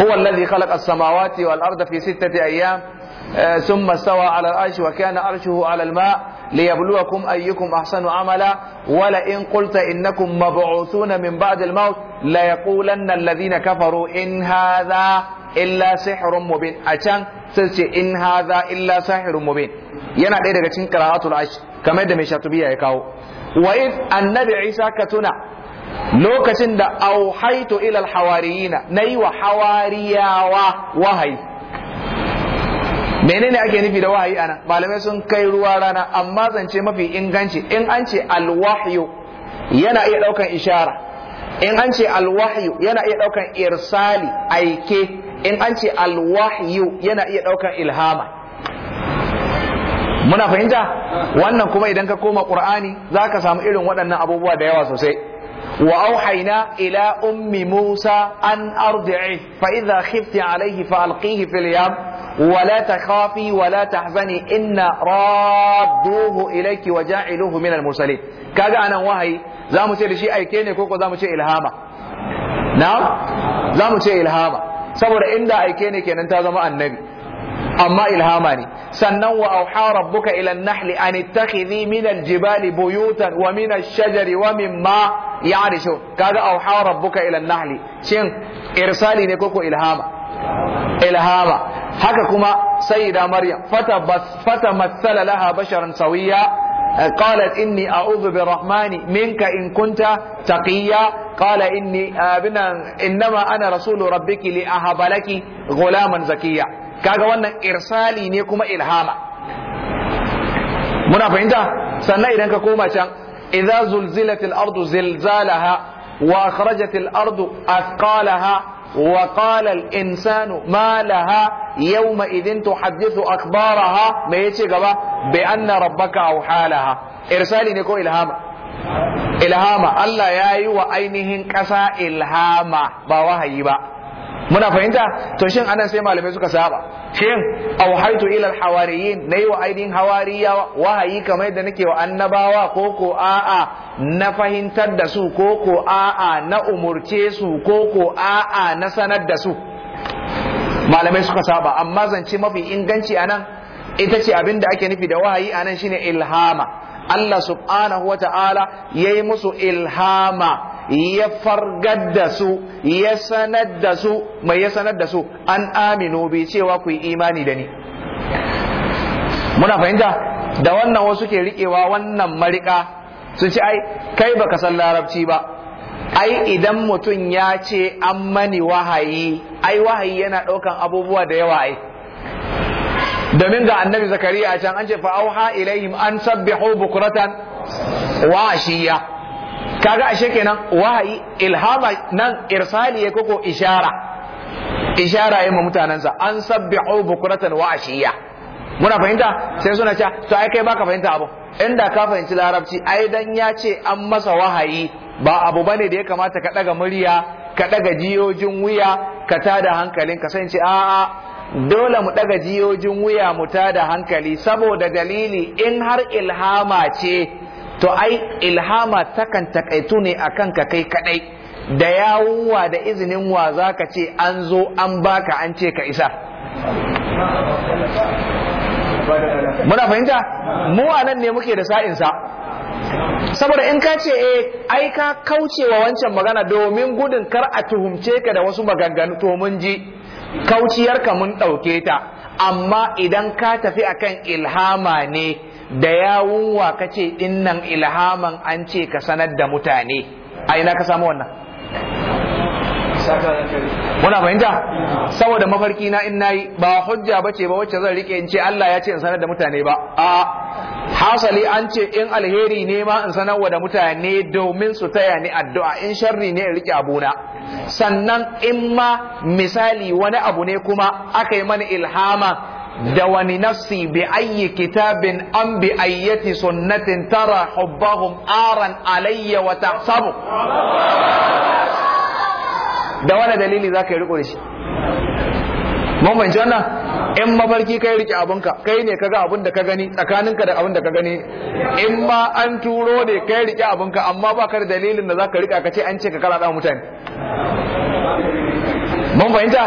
هو الذي خلق السماوات والأرض في ستة أيام ثم استوى على العرش وكان عرشه على الماء ليبلوكم أيكم أحسن عملا ولئن قلت إنكم مبعوثون من بعد الموت ليقولن الذين كفروا إن هذا إلا سحر مبين أشان سلسي إن هذا إلا سحر مبين yana ɗaya daga cikin qira'atul ash kamar da mai shatubiya ya kawo wa id annabi isa ka tuna lokacin da auhaitu ila alhawariyina nayi wa hawariyawa wahayi menene ake nufi da wahayi anan malamai sun kai ruwa rana amma zance mafi inganci in an ce alwahyu yana iya daukan ishara in an ce alwahyu yana iya daukan irsali aike in an ce alwahyu yana iya daukan ilhama muna fahimta wannan kuma idan ka koma qur'ani zaka samu irin waɗannan abubuwa da yawa sosai وأوحينا إلى أم موسى أن أرضعه فإذا خفت alaihi fa alkihi اليم ولا تخافي ولا تحزني إن رادوه إليك وجاعلوه من المرسلين كذا أنا وهي زامو شيء لشيء أي كيني كوكو زامو شيء إلهاما نعم زامو شيء إلهاما saboda inda aike ne kenan ta zama annabi amma ilhama ne sannan wa auha rabbuka ila nahli an ittakhidhi min aljibali buyutan wa min ash-shajari wa mimma ya'rishu kaga auha rabbuka ila nahli shin ne koko ilhama ilhama haka kuma sayyida maryam fata bas matsala laha basharan sawiya قالت إني أعوذ minka منك إن كنت تقيا قال إني أبنا إنما أنا رسول ربك لأهب لك غلاما زكيا kaga wannan irsali ne kuma ilhama muna fahimta sannan idan ka koma can idza zulzilatil al-ardu zilzalaha wa akhrajat ardu athqalaha وقال الإنسان ما لها يومئذ تحدث أخبارها ما يتشي بأن ربك أوحى لها إرسالي نكو إلهاما إلهاما الله ياي وأينهن كسا إلهاما بواهي با muna fahimta to shin anan sai malamai suka saba shin auhaitu ila alhawariyin nayi wa aidin hawariya wahayi kamar yadda nake wa annabawa ko ko a'a na fahimtar da su ko ko a'a na umurce su ko ko a'a na sanar da su malamai suka saba amma zance mafi inganci anan ita ce abin da ake nufi da wahayi anan shine ilhama Allah subhanahu wa ta'ala ya musu ilhama ya fargar da su ya sanar da su mai ya sanar da su an aminu bi cewa ku yi imani da ni muna fahimta da wannan wasu ke riƙewa wannan marika su ce ai kai baka san larabci ba ai idan mutum ya ce an mani wahayi ai wahayi yana ɗaukan abubuwa da yawa ai domin ga annabi zakariya can an ce fa auha ilaihim an sabbihu bukratan wa ashiya kaga ashe kenan wahayi ilhama nan irsali ko ko ishara ishara ya ma mutanensa an sabbihu bukuratan wa ashiya muna fahimta sai suna cewa to ai kai baka fahimta abu inda ka fahimci larabci ai dan ya ce an masa wahayi ba abu bane da ya kamata ka daga murya ka daga jiyojin wuya ka tada hankalin ka sai a a'a dole mu daga jiyojin wuya mu tada hankali saboda dalili in har ilhama ce to ai ilhama takan takaitu ne akan ka kai kadai da yawuwa da izinin wa za ka ce an zo an baka an ce ka isa muna fahimta mu a nan ne muke da sa? saboda in ka ce eh ai ka kaucewa wancan magana domin gudun kar a tuhumce ka da wasu maganganu to mun ji kauciyarka mun ɗauke ta amma idan ka tafi akan ilhama ne da yawun ka kace dinnan ilhaman an ce ka sanar da mutane a ina ka samu wannan muna fahimta saboda mafarki na in nayi ba hujja bace ba wacce zan rike in ce Allah ya ce in sanar da mutane ba a hasali an ce in alheri ne ma in sanarwa da mutane domin su taya ni addu'a in sharri ne in rike abuna sannan in ma misali wani abu ne kuma aka yi mana ilhama da wani nafsi bi ayyi kitabin an bi ayyati sunnatin tara hubbahum aran alayya wa tahsabu da wani dalili za ka yi riko da shi mun wannan in mafarki kai rike abinka kai ne kaga abin da ka gani tsakaninka da abin da ka gani in ma an turo ne kai rike abinka amma baka da dalilin da zaka rika ka ce an ce ka kala da mutane mun fahimta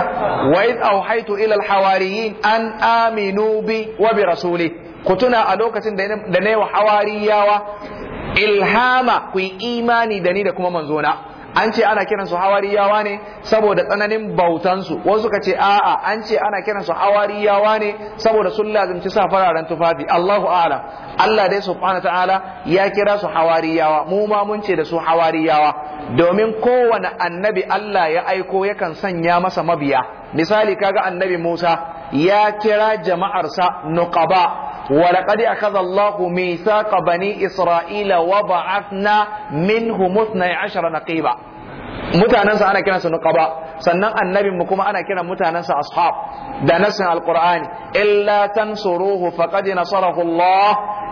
wa auhaitu ila alhawariyin an aminu bi wa bi rasuli ku tuna a lokacin da ne wa hawariyawa ilhama ku yi imani da ni da kuma manzona an ce ana kiransu hawariyawa ne saboda tsananin bautansu wasu ka ce a'a an ce ana kiransu hawariyawa ne saboda sun lazimci sa fararen tufafi Allahu a'lam Allah dai subhanahu ta'ala ya kira su hawariyawa mu ma mun ce da su hawariyawa domin kowane annabi Allah ya aiko yakan sanya masa mabiya misali kaga annabi Musa ya kira jama'arsa nuqaba ولقد أخذ الله ميثاق بني إسرائيل وبعثنا منهم اثني عشر نقيبا mutanensa ana kiransa nuqaba sannan annabin mu kuma ana kiran mutanensa ashab da nasin alqur'ani illa tansuruhu faqad nasarahu Allah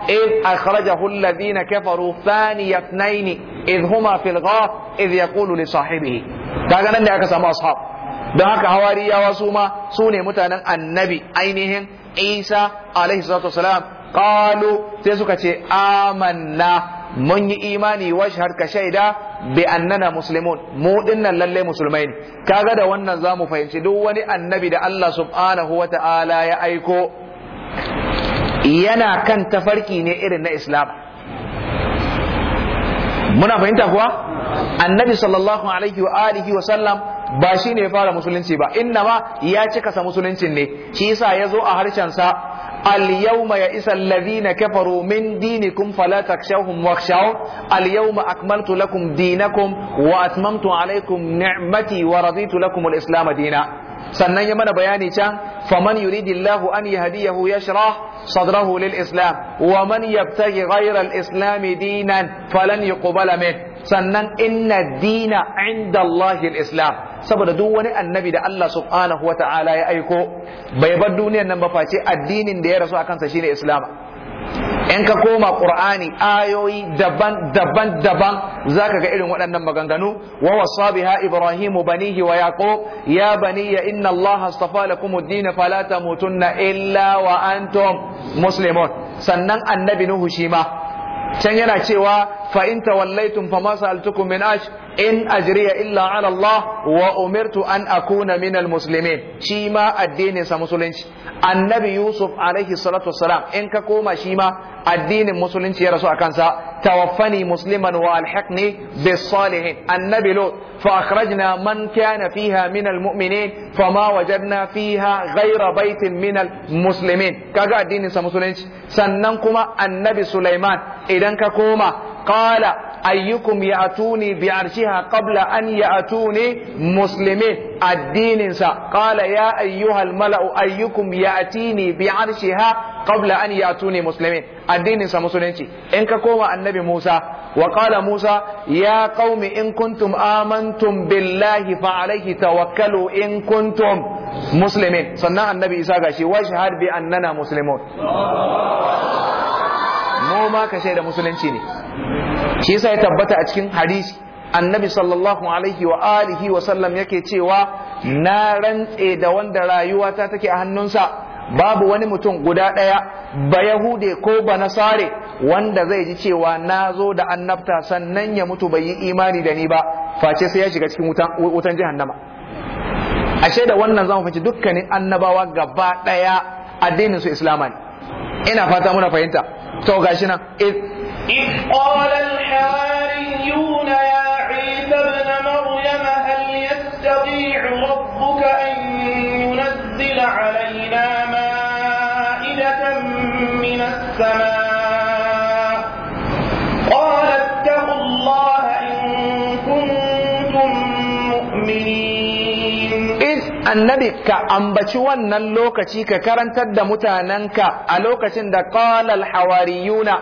إذ أخرجه الذين كفروا ثاني اثنين إذ هما في الغار إذ يقول لصاحبه كان عندك أصحاب ده هكا هواري يا وسوما سوني متانا النبي أينهم Isa alaihi salatu wasalam qalu sai suka ce amanna mun yi imani wash har ka shaida bi annana muslimun mu dinnan lalle musulmai ne kaga da wannan zamu fahimci duk wani annabi da Allah subhanahu ta'ala ya aiko yana kan tafarki ne irin na Islam muna fahimta kuwa annabi sallallahu alaihi wa alihi wa sallam ba shi ne ya fara musulunci ba inna ma ya cikasa musuluncin ne shi yasa ya zo a harshen sa al yawma ya isa alladhina kafaru min dinikum fala takshawhum wakhshaw al yawma akmaltu lakum dinakum wa atmamtu alaykum ni'mati wa raditu lakum al islam dina sannan ya mana bayani can faman yuridillahu an yahdiyahu yashrah sadrahu lil islam wa man yabtaghi ghayra al islam dinan falan yuqbala min sannan inna dina inda allahi al islam saboda duk wani annabi da Allah subhanahu wa ta'ala ya aiko bai bar duniyar nan ba face addinin da ya rasu a kansa shine islam in ka koma qur'ani ayoyi daban daban daban zaka ga irin waɗannan maganganu wa wasa biha ibrahimu banihi wa yaqub ya baniya inna allaha astafa lakum ad-din fala tamutunna illa wa antum muslimun sannan annabi nuhu shima can yana cewa fa in tawallaytum fama sa'altukum min ash in ajriya illa ala wa umirtu an akuna min almuslimin shi ma addinin musulunci annabi yusuf alaihi salatu wassalam in ka koma shi ma addinin musulunci ya rasu a kansa tawaffani musliman wa alhiqni bis salihin annabi lut fa akhrajna man kana fiha min almu'minin fama wajadna fiha ghayra baitin min Ka ga addinin sa musulunci sannan kuma annabi sulaiman idan ka koma قال أيكم يأتوني بعرشها قبل أن يأتوني مسلمين الدين سا قال يا أيها الملأ أيكم يأتيني بعرشها قبل أن يأتوني مسلمين الدين سا مسلمين إنك كوما النبي موسى وقال موسى يا قوم إن كنتم آمنتم بالله فعليه توكلوا إن كنتم مسلمين صنع النبي إساء قاشي واشهد بأننا مسلمون mu ma ka shaida musulunci ne shi yasa ya tabbata a cikin hadisi annabi sallallahu alaihi wa alihi wa sallam yake cewa na rantse da wanda rayuwata take a hannunsa babu wani mutum guda ɗaya ba yahude ko ba nasare wanda zai ji cewa na zo da annabta sannan ya mutu bai yi imani da ni ba face sai ya shiga cikin wutan jahannama ashe da wannan zamu fahimci dukkanin annabawa gaba ɗaya addinin su islama ina fata muna fahimta to gashi nan إذ قال الحاريون يا عيسى ابن مريم هل يستطيع ربك أن ينزل علينا مائدة من السماء annabi ka ambaci wannan lokaci ka karantar da mutanenka a lokacin da qala al-hawariyuna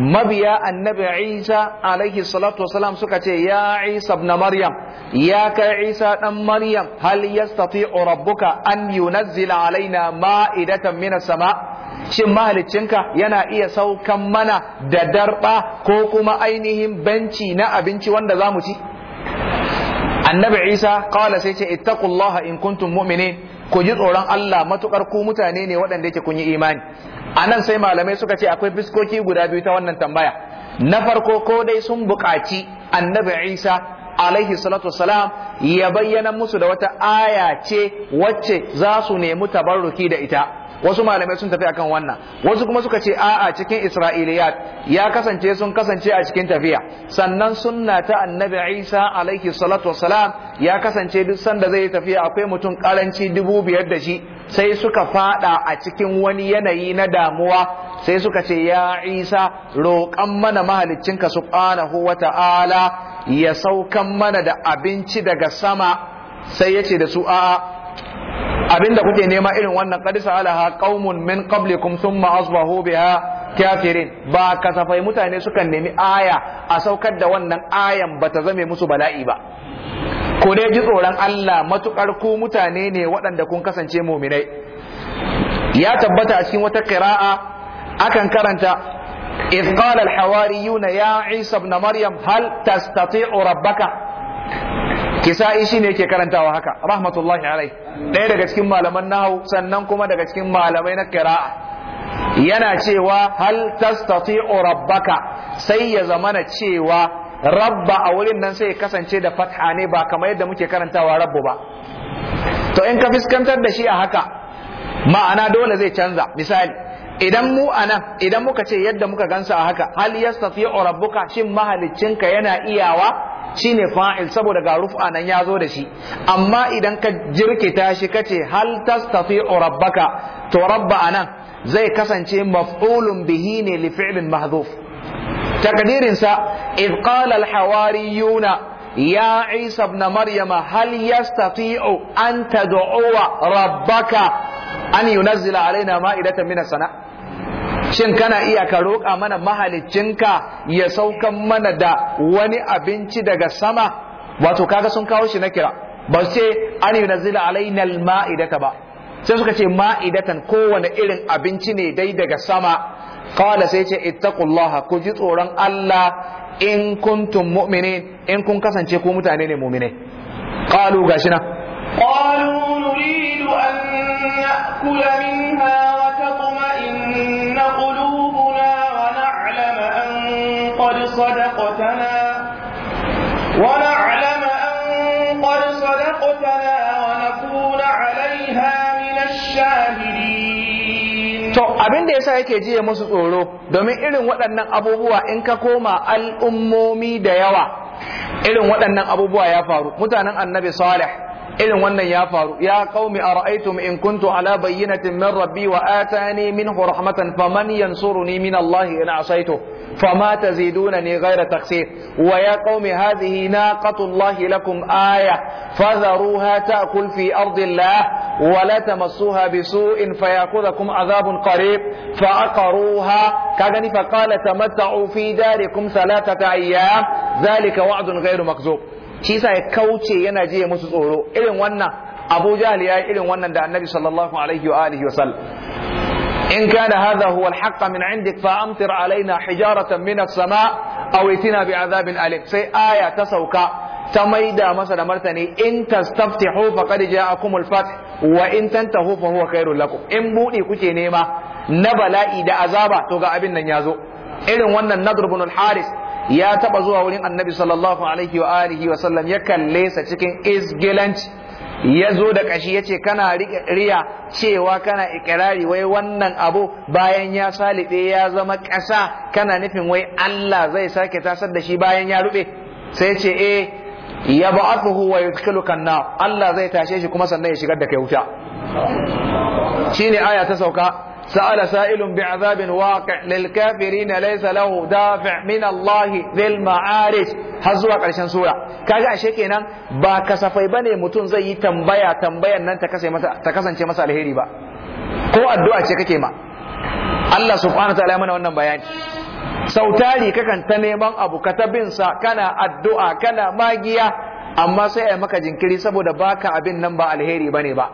mabiya annabi Isa alaihi salatu wasalam suka ce ya Isa ibn Maryam ya kai Isa dan Maryam hal yastati'u rabbuka an yunazzila alaina ma'idatan minas sama' shin mahaliccinka yana iya saukan mana da darba ko kuma ainihin benci na abinci wanda zamu ci annabi isa qala sai ce ittaqullaha in kuntum mu'minin ku ji tsoron Allah matukar ku mutane ne waɗanda yake kun yi imani A nan sai malamai suka ce akwai fiskoki guda biyu ta wannan tambaya na farko ko dai sun buƙaci annabi isa alaihi salatu salam ya bayyana musu da wata aya ce wacce za su nemi tabarruki da ita wasu malamai sun tafi akan wannan wasu kuma suka ce a'a cikin isra'iliyat ya kasance sun kasance a cikin tafiya sannan sunna ta annabi isa alaihi salatu wassalam ya kasance duk sanda zai yi tafiya akwai mutum karanci dubu biyar da shi sai suka fada a cikin wani yanayi na damuwa sai suka ce ya isa roƙan mana mahaliccinka subhanahu wata'ala ya saukan mana da abinci daga sama sai yace ce da su a'a abinda kuke nema irin wannan qad sa'alaha qaumun min qablikum thumma asbahu biha kafirin ba kasafai mutane sukan nemi aya a saukar da wannan ayan bata zame musu bala'i ba ko dai ji tsoron Allah matukar ku mutane ne waɗanda kun kasance muminai ya tabbata a cikin wata qira'a akan karanta إذ قال الحواريون يا عيسى ابن مريم هل تستطيع ربك kisa'i ne ke karantawa haka rahmatullahi alai ɗaya daga cikin malaman nahu sannan kuma daga cikin malamai na kira'a yana cewa hal tastati'u rabbaka sai ya zamana cewa rabba a wurin nan sai ya kasance da fatha ne ba kamar yadda muke karantawa rabbu ba to in ka fuskantar da shi a haka ma'ana dole zai canza misali idan mu anan idan muka ce yadda muka gansa a haka hal yastati'u rabbuka shin ka yana iyawa shine fa'il saboda ga rufa nan ya zo da shi amma idan ka jirkita shi kace hal tastati'u rabbaka to rabba anan zai kasance maf'ulun bihi ne li fi'lin mahdhuf takdirin sa id qala al hawariyuna ya isa ibn maryama hal yastati'u an tad'u rabbaka an yunazzila alaina ma'idatan min as-sana' shin kana iya ka roƙa mana mahaliccinka ya saukan mana da wani abinci daga sama wato kaga sun kawo shi na kira ba su ce an nazila alainal ma'idata ba sai suka ce ma'idatan kowane irin abinci ne dai daga sama qala sai ce ittaqullaha ku ji tsoron Allah in kuntum mu'minin in kun kasance ku mutane ne mu'mine qalu gashi na qalu nuridu an na'kula minha صدقتنا ونعلم أن قد صدقتنا ونكون عليها من الشاهدين to abin da yasa yake jiya musu tsoro domin irin waɗannan abubuwa in ka koma al'ummomi da yawa irin waɗannan abubuwa ya faru mutanen annabi salih irin wannan ya faru ya qaumi ara'aytum in kuntu ala bayyinatin min rabbi wa atani minhu rahmatan faman yansuruni min allahi in asaitu fama tazidunani ghayra taqsir wa ya qaumi hadhihi naqatu allahi lakum aya fadharuha ta'kul fi ardillah wa la tamassuha bisu'in fayakhudhukum adhabun qarib fa'aqaruha kagani faqala tamatta'u fi darikum thalathata ayyam dhalika wa'dun ghayru makzub shi yasa ya kauce yana jiya musu tsoro irin wannan Abu Jahl yayi irin wannan da Annabi sallallahu alaihi wa alihi wa sallam in kana hadha huwa al min indik fa amtir alaina hijaratan min as-sama' aw itina bi'adhabin alim sai aya ta sauka ta maida masa da martani in tastaftihu faqad ja'akum al-fath wa in tantahu fa huwa khairul lakum in buɗe kuke nema na bala'i da azaba to ga abin nan yazo irin wannan nadr ibn al-haris ya taba zuwa wurin annabi sallallahu alaihi wa alihi wa sallam ya kalle sa cikin isgilanci ya zo da kashi ya ce kana riya cewa kana ikirari wai wannan abu bayan ya salibe ya zama ƙasa kana nufin wai Allah zai sake tasar da shi bayan ya rube sai ce eh ya ba'athu wa yudkhilu kanna Allah zai tashe shi kuma sannan ya shigar da kai wuta shine aya ta sauka سأل سائل بعذاب واقع للكافرين ليس له دافع من الله ذي المعارج har zuwa ƙarshen sura kaga ashe kenan ba kasafai bane mutum zai yi tambaya tambayan nan ta kasance masa alheri ba ko addu'a ce kake ma Allah subhanahu wa mana wannan bayani sautari kakan ta neman abu ka sa kana addu'a kana magiya amma sai a maka jinkiri saboda baka abin nan ba alheri bane ba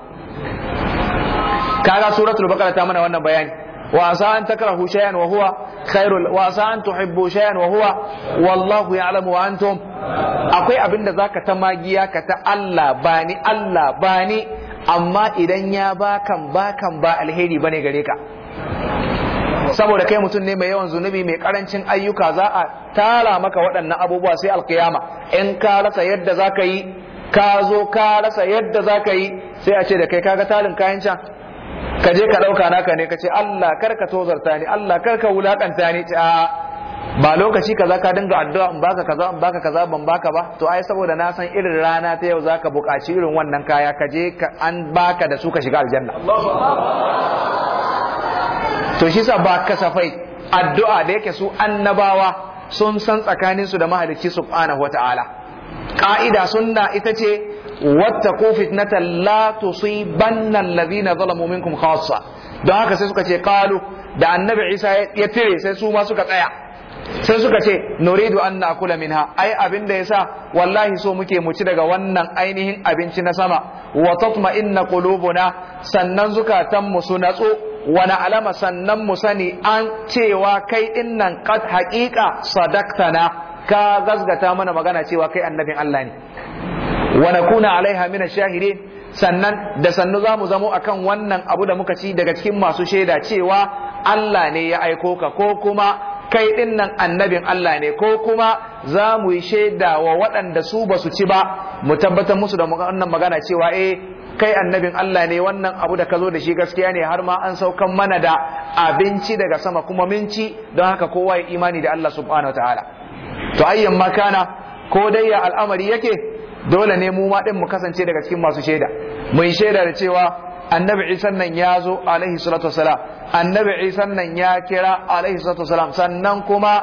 kaga suratul baqara ta mana wannan bayani wa asa an takrahu shay'an wa huwa khairul wa asa an tuhibbu shay'an wa huwa wallahu ya'lamu wa antum akwai abinda zaka ta magiya ka ta Allah bani Allah bani amma idan ya bakan bakan ba alheri bane gare ka saboda kai mutum ne mai yawan zunubi mai karancin ayyuka za a tara maka waɗannan abubuwa sai alkiyama in ka rasa yadda za ka yi ka zo ka rasa yadda za ka yi sai a ce da kai kaga tarin kayan can ka je ka ɗauka naka ne ka ce Allah kar ka tozarta ni Allah kar ka wulakanta ni a ba lokaci kaza ka dinga addu'a in baka kaza in baka kaza ban baka ba to ai saboda na san irin rana ta yau zaka buƙaci irin wannan kaya ka je ka an baka da su ka shiga aljanna to shi sa ba kasafai addu'a da yake su annabawa sun san tsakaninsu da mahalicci subhanahu wata'ala ka'ida sunna ita ce wattaqu fitnatan la tusibanna alladhina zalamu minkum khassa don haka sai suka ce qalu da annabi Isa ya tire sai su ma suka tsaya sai suka ce nuridu an na'kula minha ai abin da yasa wallahi so muke mu ci daga wannan ainihin abinci na sama wa tatma'inna qulubuna sannan zukatan mu su natsu wani alama sannan mu sani an cewa kai nan qad sadakta sadaktana ka gazgata mana magana cewa kai annabin Allah ne wa nakuna alaiha min shahidin sannan da sannu za mu zamo akan wannan abu da muka ci daga cikin masu shaida cewa Allah ne ya aiko ka ko kuma kai din nan annabin Allah ne ko kuma za mu yi shaida wa waɗanda su ba su ci ba mu tabbatar musu da wannan magana cewa eh kai annabin Allah ne wannan abu da ka zo da shi gaskiya ne har ma an saukan mana da abinci daga sama kuma ci don haka kowa ya imani da Allah subhanahu wataala to ayyan makana ko dai ya al'amari yake dole ne mu ma din mu kasance daga cikin masu shaida mun shaida da cewa annabi isa nan ya zo alaihi salatu wasalam annabi isa nan ya kira alaihi salatu wasalam sannan kuma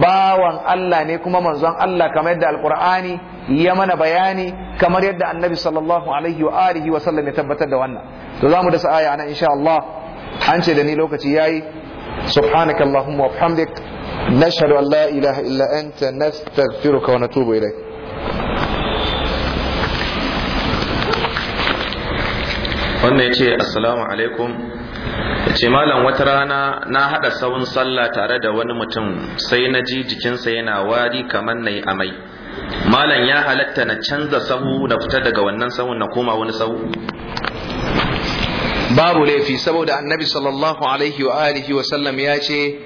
bawan Allah ne kuma manzon Allah kamar yadda alqur'ani ya mana bayani kamar yadda annabi sallallahu alaihi wa alihi wa sallam ya tabbatar da wannan to zamu da aya nan insha Allah an ce da ni lokaci yayi subhanakallahumma wa bihamdik nashhadu an la ilaha illa anta nastaghfiruka wa natubu wannan ya ce assalamu alaikum ya ce malam wata rana na haɗa sawun sallah tare da wani mutum sai na ji jikinsa yana wari kamar na yi amai malam ya halatta na canza sahu na fita daga wannan sahun na koma wani sahu babu laifi saboda annabi sallallahu alaihi wa alihi wa sallam ya ce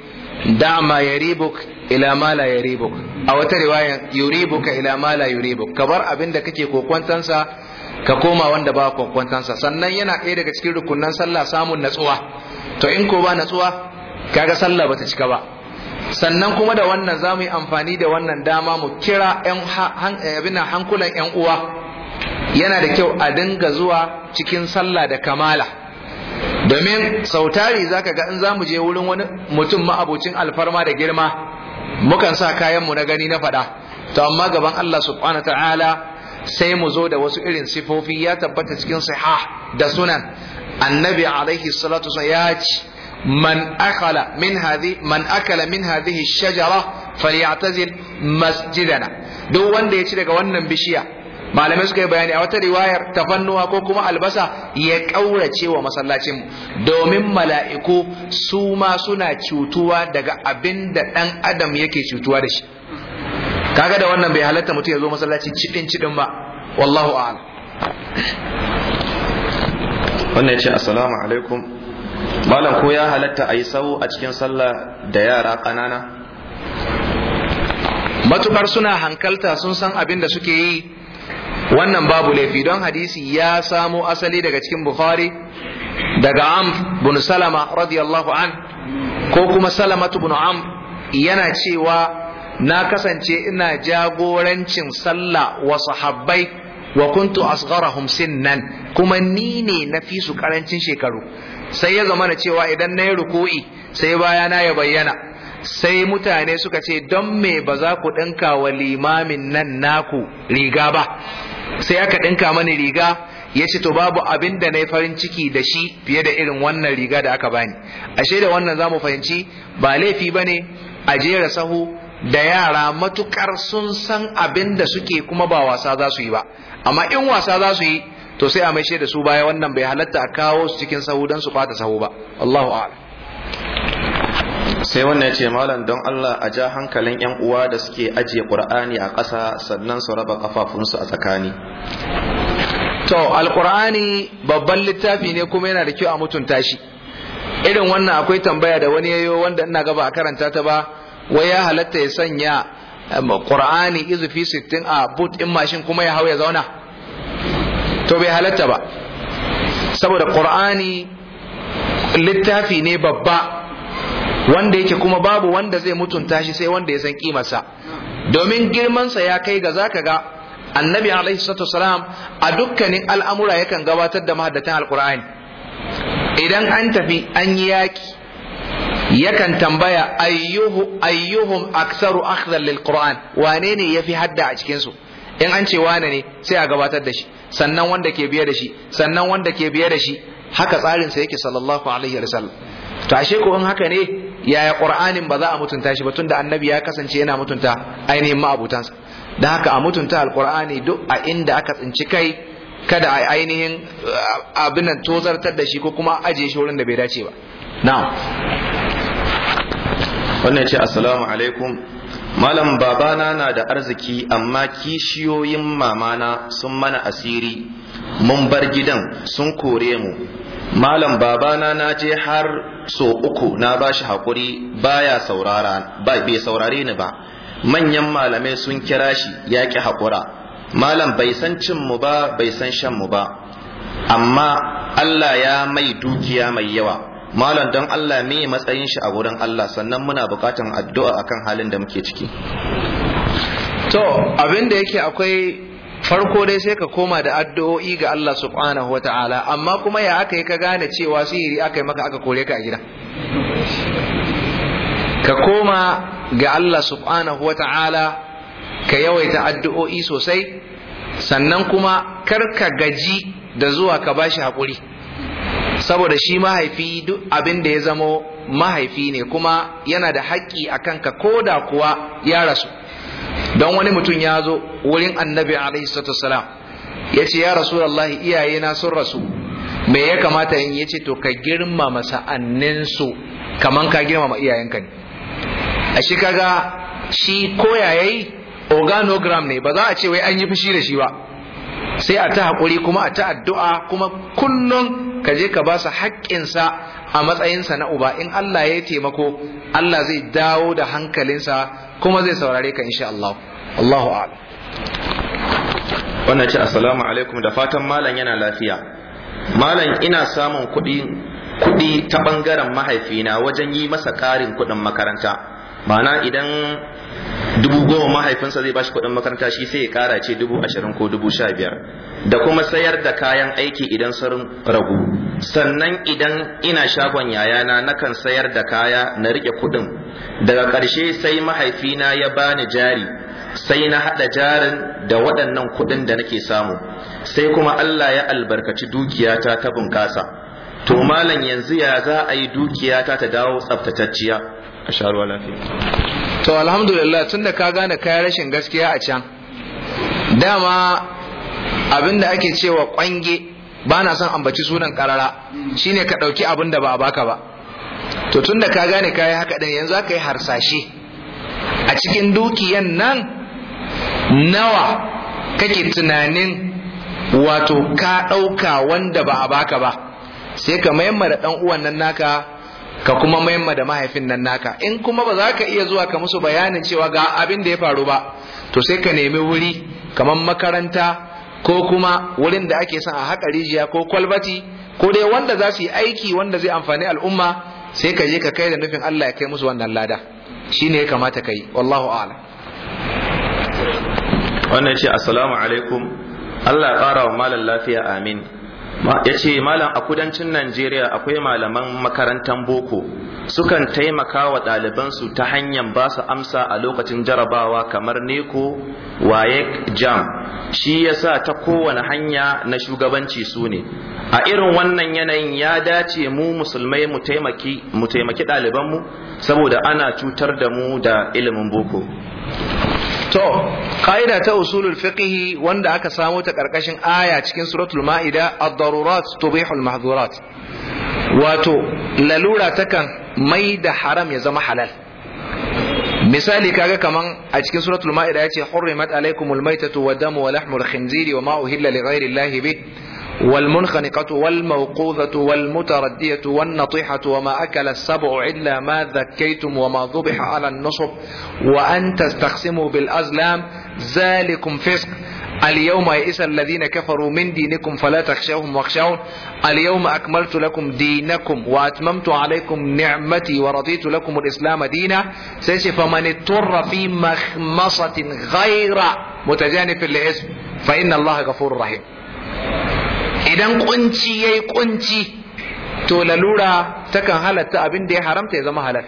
dama yaribuk ila mala ya yaribuk a wata riwaya yuribuka ila mala la yuribuk kabar abinda kake kokwantansa ka koma wanda ba kwankwantansa sannan yana ɗaya daga cikin rukunan sallah samun natsuwa to in ko ba natsuwa kaga sallah bata cika ba sannan kuma da wannan za mu yi amfani da wannan dama mu kira eh, abin hankulan 'yan uwa yana da kyau a dinga zuwa cikin sallah da kamala domin sautari za ka ga in za mu je wurin wani mutum maabucin alfarma da girma mukan sa kayanmu na gani na faɗa to amma gaban Allah subhanahu ta'ala sai mu zo da wasu irin sifofi ya tabbata cikin sahih da sunan annabi alaihi salatu ya ce man akala min hadhi man akala min hadhihi shajara falyatazil masjidana duk wanda ya ci daga wannan bishiya malamai suka yi bayani a wata riwayar tafannuwa ko kuma albasa ya ƙaurace wa masallacin domin mala'iku su ma suna cutuwa daga abin da ɗan adam yake cutuwa da shi kaga da wannan bai halatta mutum ya zo masallaci cikin cikin ba wallahu a'lam wannan ya ce assalamu alaikum malam ko ya halatta a yi sau a cikin sallah da yara ƙanana matukar suna hankalta sun san abin da suke yi wannan babu laifi don hadisi ya samo asali daga cikin bukhari daga am bin salama radiyallahu an ko kuma salamatu bin am yana cewa na kasance ina jagorancin sallah wa sahabbai wa kuntu asgharahum sinnan kuma ni ne na fi su karancin shekaru sai ya zama cewa idan na yi ruku'i sai baya na ya bayyana sai mutane suka ce don me ba za ku ɗinka wa limamin nan naku riga ba sai aka ɗinka mani riga ya ce to babu abin da na yi farin ciki da shi fiye da irin wannan riga da aka bani ashe da wannan za mu fahimci ba laifi ba ne a jera sahu da yara matukar sun san abin da suke kuma ba wasa za su yi ba amma in wasa za su yi to sai a maishe da su baya wannan bai halatta a kawo su cikin sahu don su fata sahu ba Allahu a'lam sai wannan ce malam don Allah a ja hankalin yan uwa da suke ajiye Qur'ani a ƙasa sannan su raba kafafunsu a tsakani to alqur'ani babban littafi ne kuma yana da kyau a mutunta shi irin wannan akwai tambaya da wani yayo wanda ina gaba a karanta ta ba wai ya halatta ya sanya um, qur'ani izufi 60 a but din mashin kuma ya hau ya zauna to bai halatta ba saboda qur'ani littafi ne babba wanda yake kuma babu wanda zai mutunta shi sai wanda ya san kimarsa domin girmansa ya kai ga zaka ga annabi alaihi salatu wasalam a dukkanin al'amura yakan gabatar da mahaddatan alqur'ani idan an tafi an yi yaki yakan tambaya ayyuhu ayyuhum aksaru akhdhan lil wane ne yafi hadda a cikin su in an ce wane ne sai a gabatar da shi sannan wanda ke biye da shi sannan wanda ke biye da shi haka tsarin sa yake sallallahu alaihi sallam to ashe ko in haka ne yaya qur'anin ba za a mutunta shi ba tunda annabi ya kasance yana mutunta ainihin ma'abutansa dan haka a mutunta alqur'ani duk a inda aka tsinci kai kada a ainihin abin tozartar da shi ko kuma aje shi wurin da bai dace ba na'am wannan ce assalamu alaikum malam babana na da arziki amma kishiyoyin mamana sun mana asiri mun bar gidan sun kore mu malam babana na je har so uku na ba shi hakuri baya saurara ba bai saurare ni ba manyan malamai sun kira shi ya ki hakura malam bai san cin mu ba bai san shan mu ba amma Allah ya mai dukiya mai yawa malam don Allah me matsayin shi a wurin Allah sannan muna bukatan addu'a akan halin da muke ciki to abin yake akwai farko dai sai ka koma da addu'o'i ga Allah subhanahu wa ta'ala amma kuma ya aka yi ka gane cewa sihiri aka yi maka aka kore ka a gida ka koma ga Allah subhanahu wa ta'ala ka yawaita addu'o'i sosai sannan kuma kar ka gaji da zuwa ka bashi haƙuri saboda shi mahaifi duk abin da ya zamo mahaifi ne kuma yana da haƙƙi a kanka ko da kuwa ya rasu don wani mutum ya zo wurin annabi alaihi salam ya ce ya rasu Allah iyayena sun rasu me ya kamata in ya ce to ka girmama sa'anninsu kaman ka girmama iyayenka ne a shi kaga shi koyayayi organogram ne ba za a ce wai an yi fushi da shi ba sai a ta haƙuri kuma a ta addu'a kuma kullum ka je ka ba su haƙƙinsa a matsayinsa na uba in Allah ya taimako Allah zai dawo da hankalinsa kuma zai saurare ka insha Allah Allahu a'lam wannan ce assalamu alaikum da fatan malam yana lafiya malam ina samun kuɗi kuɗi ta ɓangaren mahaifina wajen yi masa ƙarin kuɗin makaranta ma'ana idan dubu goma mahaifinsa zai bashi kuɗin makaranta shi sai ya kara ce dubu ashirin ko dubu sha biyar da kuma sayar da kayan aiki idan sun ragu sannan idan ina shagon yayana nakan sayar da kaya na riƙe kuɗin daga ƙarshe sai mahaifina ya bani jari sai na haɗa jarin da waɗannan kuɗin da nake samu sai kuma Allah ya albarkaci dukiyata ta bunƙasa to malam yanzu ya za a yi dukiyata ta dawo tsaftatacciya a sharuwa lafiya to alhamdulillah tunda ka gane kayan rashin gaskiya a can dama abinda ake cewa kwange ba na son ambaci sunan karara shine ka ɗauki abin da ba a baka ba to tunda ka gane kayi haka ɗin yanzu aka yi harsashe a cikin dukiyan nan nawa kake tunanin wato ka ɗauka wanda ba a baka ba sai ka maimara da ɗan uwan nan naka ka kuma mayamma da mahaifin nan naka in kuma ba za ka iya zuwa ka musu bayanin cewa ga abin da ya faru ba to sai ka nemi wuri kamar makaranta ko kuma wurin da ake son a haƙa rijiya ko kwalbati ko dai wanda za su yi aiki wanda zai amfani al'umma sai ka je ka kai da nufin Allah ya kai musu wannan lada shine ya kamata ka yi wallahu a'lam wannan ce assalamu alaikum Allah ya ƙara wa malam lafiya amin ya ce malam a kudancin najeriya akwai malaman makarantar boko sukan taimaka wa ɗalibansu ta hanyar ba su amsa a lokacin jarabawa kamar neko wayek jam shi ya sa ta kowane hanya na shugabanci su ne a irin wannan yanayin ya dace mu musulmai mu taimaki ɗalibanmu saboda ana cutar da mu da ilimin boko to ƙa'ida ta usulul fiqihi wanda aka samo ta ƙarƙashin aya cikin suratul maida a darurat tubihu al wato lalura takan mai da haram ya zama halal misali kaga kaman a cikin suratul maida yace hurrimat alaykumul maytatu wad damu wa lahmul khinziri wa ma uhilla li ghayri allahi bih والمنخنقة والموقوذة والمتردية والنطيحة وما أكل السبع إلا ما ذكيتم وما ذبح على النصب وأن تستقسموا بالأزلام ذلكم فسق اليوم يئس الذين كفروا من دينكم فلا تخشوهم واخشون اليوم أكملت لكم دينكم وأتممت عليكم نعمتي ورضيت لكم الإسلام دينا سيسي فمن اضطر في مخمصة غير متجانف لإسم فإن الله غفور رحيم idan kunci ya yi kunci to lalura takan halatta abin da ya haramta ya zama halal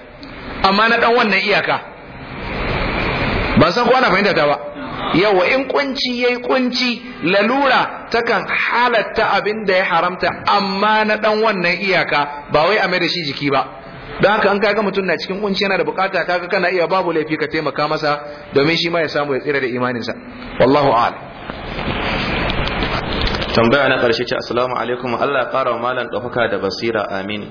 amma na dan wannan iyaka ba san kowa na fahimta ta ba yawa in kunci ya yi kunci lalura takan halatta abin da ya haramta amma na dan wannan iyaka ba wai a mai da shi jiki ba don haka an kaga mutum na cikin kunci yana da bukata kaga kana iya babu laifi ka taimaka masa domin shi ma ya samu ya tsira da imaninsa wallahu a'lam tambaya na ƙarshe ce assalamu alaikum Allah ya wa malam ɗaukaka da basira amin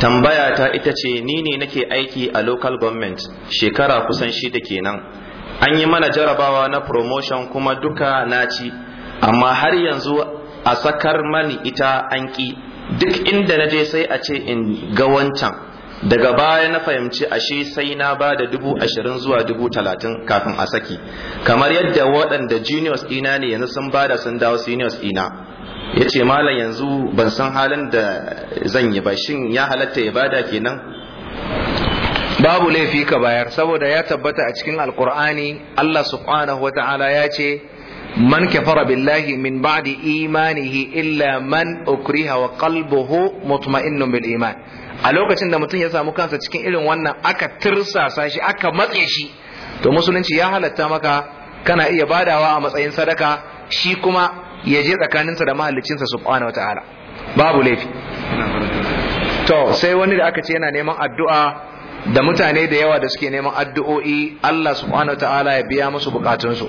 tambaya ta ita ce ni ne nake aiki a local government shekara kusan shi da kenan an yi mana jarabawa na promotion kuma duka na ci amma har yanzu a sakar mani ita an ki duk inda na je sai a ce in ga wancan daga baya na fahimci ashe sai na ba da dubu ashirin zuwa dubu talatin kafin a saki kamar yadda waɗanda juniors ina ne yanzu sun ba da sun dawo seniors ina, ya ce malam yanzu ban san halin da zan yi ba shin ya halatta ya bada kenan babu laifi ka bayar saboda ya tabbata a cikin alkur'ani Allah subhanahu ta'ala ya ce man kafara billahi min ba'di imanihi illa man ukriha wa qalbuhu mutma'innun bil iman a lokacin da mutum ya samu kansa cikin irin wannan aka tirsasa shi aka matse shi to musulunci ya halatta maka kana iya badawa a matsayin sadaka shi kuma ya je tsakaninsa da mahallicinsa subhanahu wataala babu laifi to sai wani da aka ce yana neman addu'a da mutane da yawa da suke neman addu'o'i Allah subhanahu wataala ya biya musu bukatunsu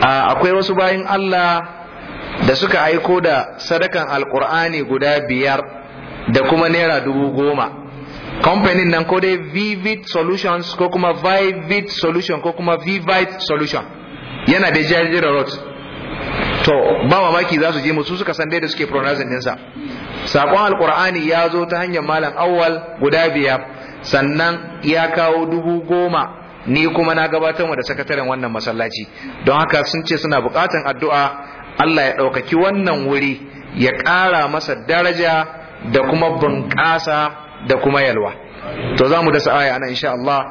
akwai wasu bayan Allah da suka aiko da sadakan alkur'ani guda biyar da kuma naira dubu goma kamfanin nan ko dai vivid solutions ko kuma vivid solution ko kuma vivid solution yana da jajira road to ba mamaki za su je musu suka san da suke pronouncing dinsa sakon alkur'ani ya zo ta hanyar malam awwal guda biyar sannan ya kawo dubu goma ni kuma na gabatar da sakataren wannan masallaci don haka sun ce suna bukatan addu'a Allah ya ɗaukaki wannan wuri ya ƙara masa daraja da kuma bunƙasa da kuma yalwa to za mu dasa aya ana insha Allah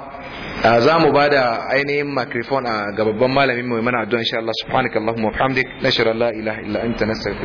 za mu ba da ainihin microphone a gababban malamin mu mana addu'a insha Allah Allahumma wa bihamdik nashhadu la ilaha illa anta nastaghfiruka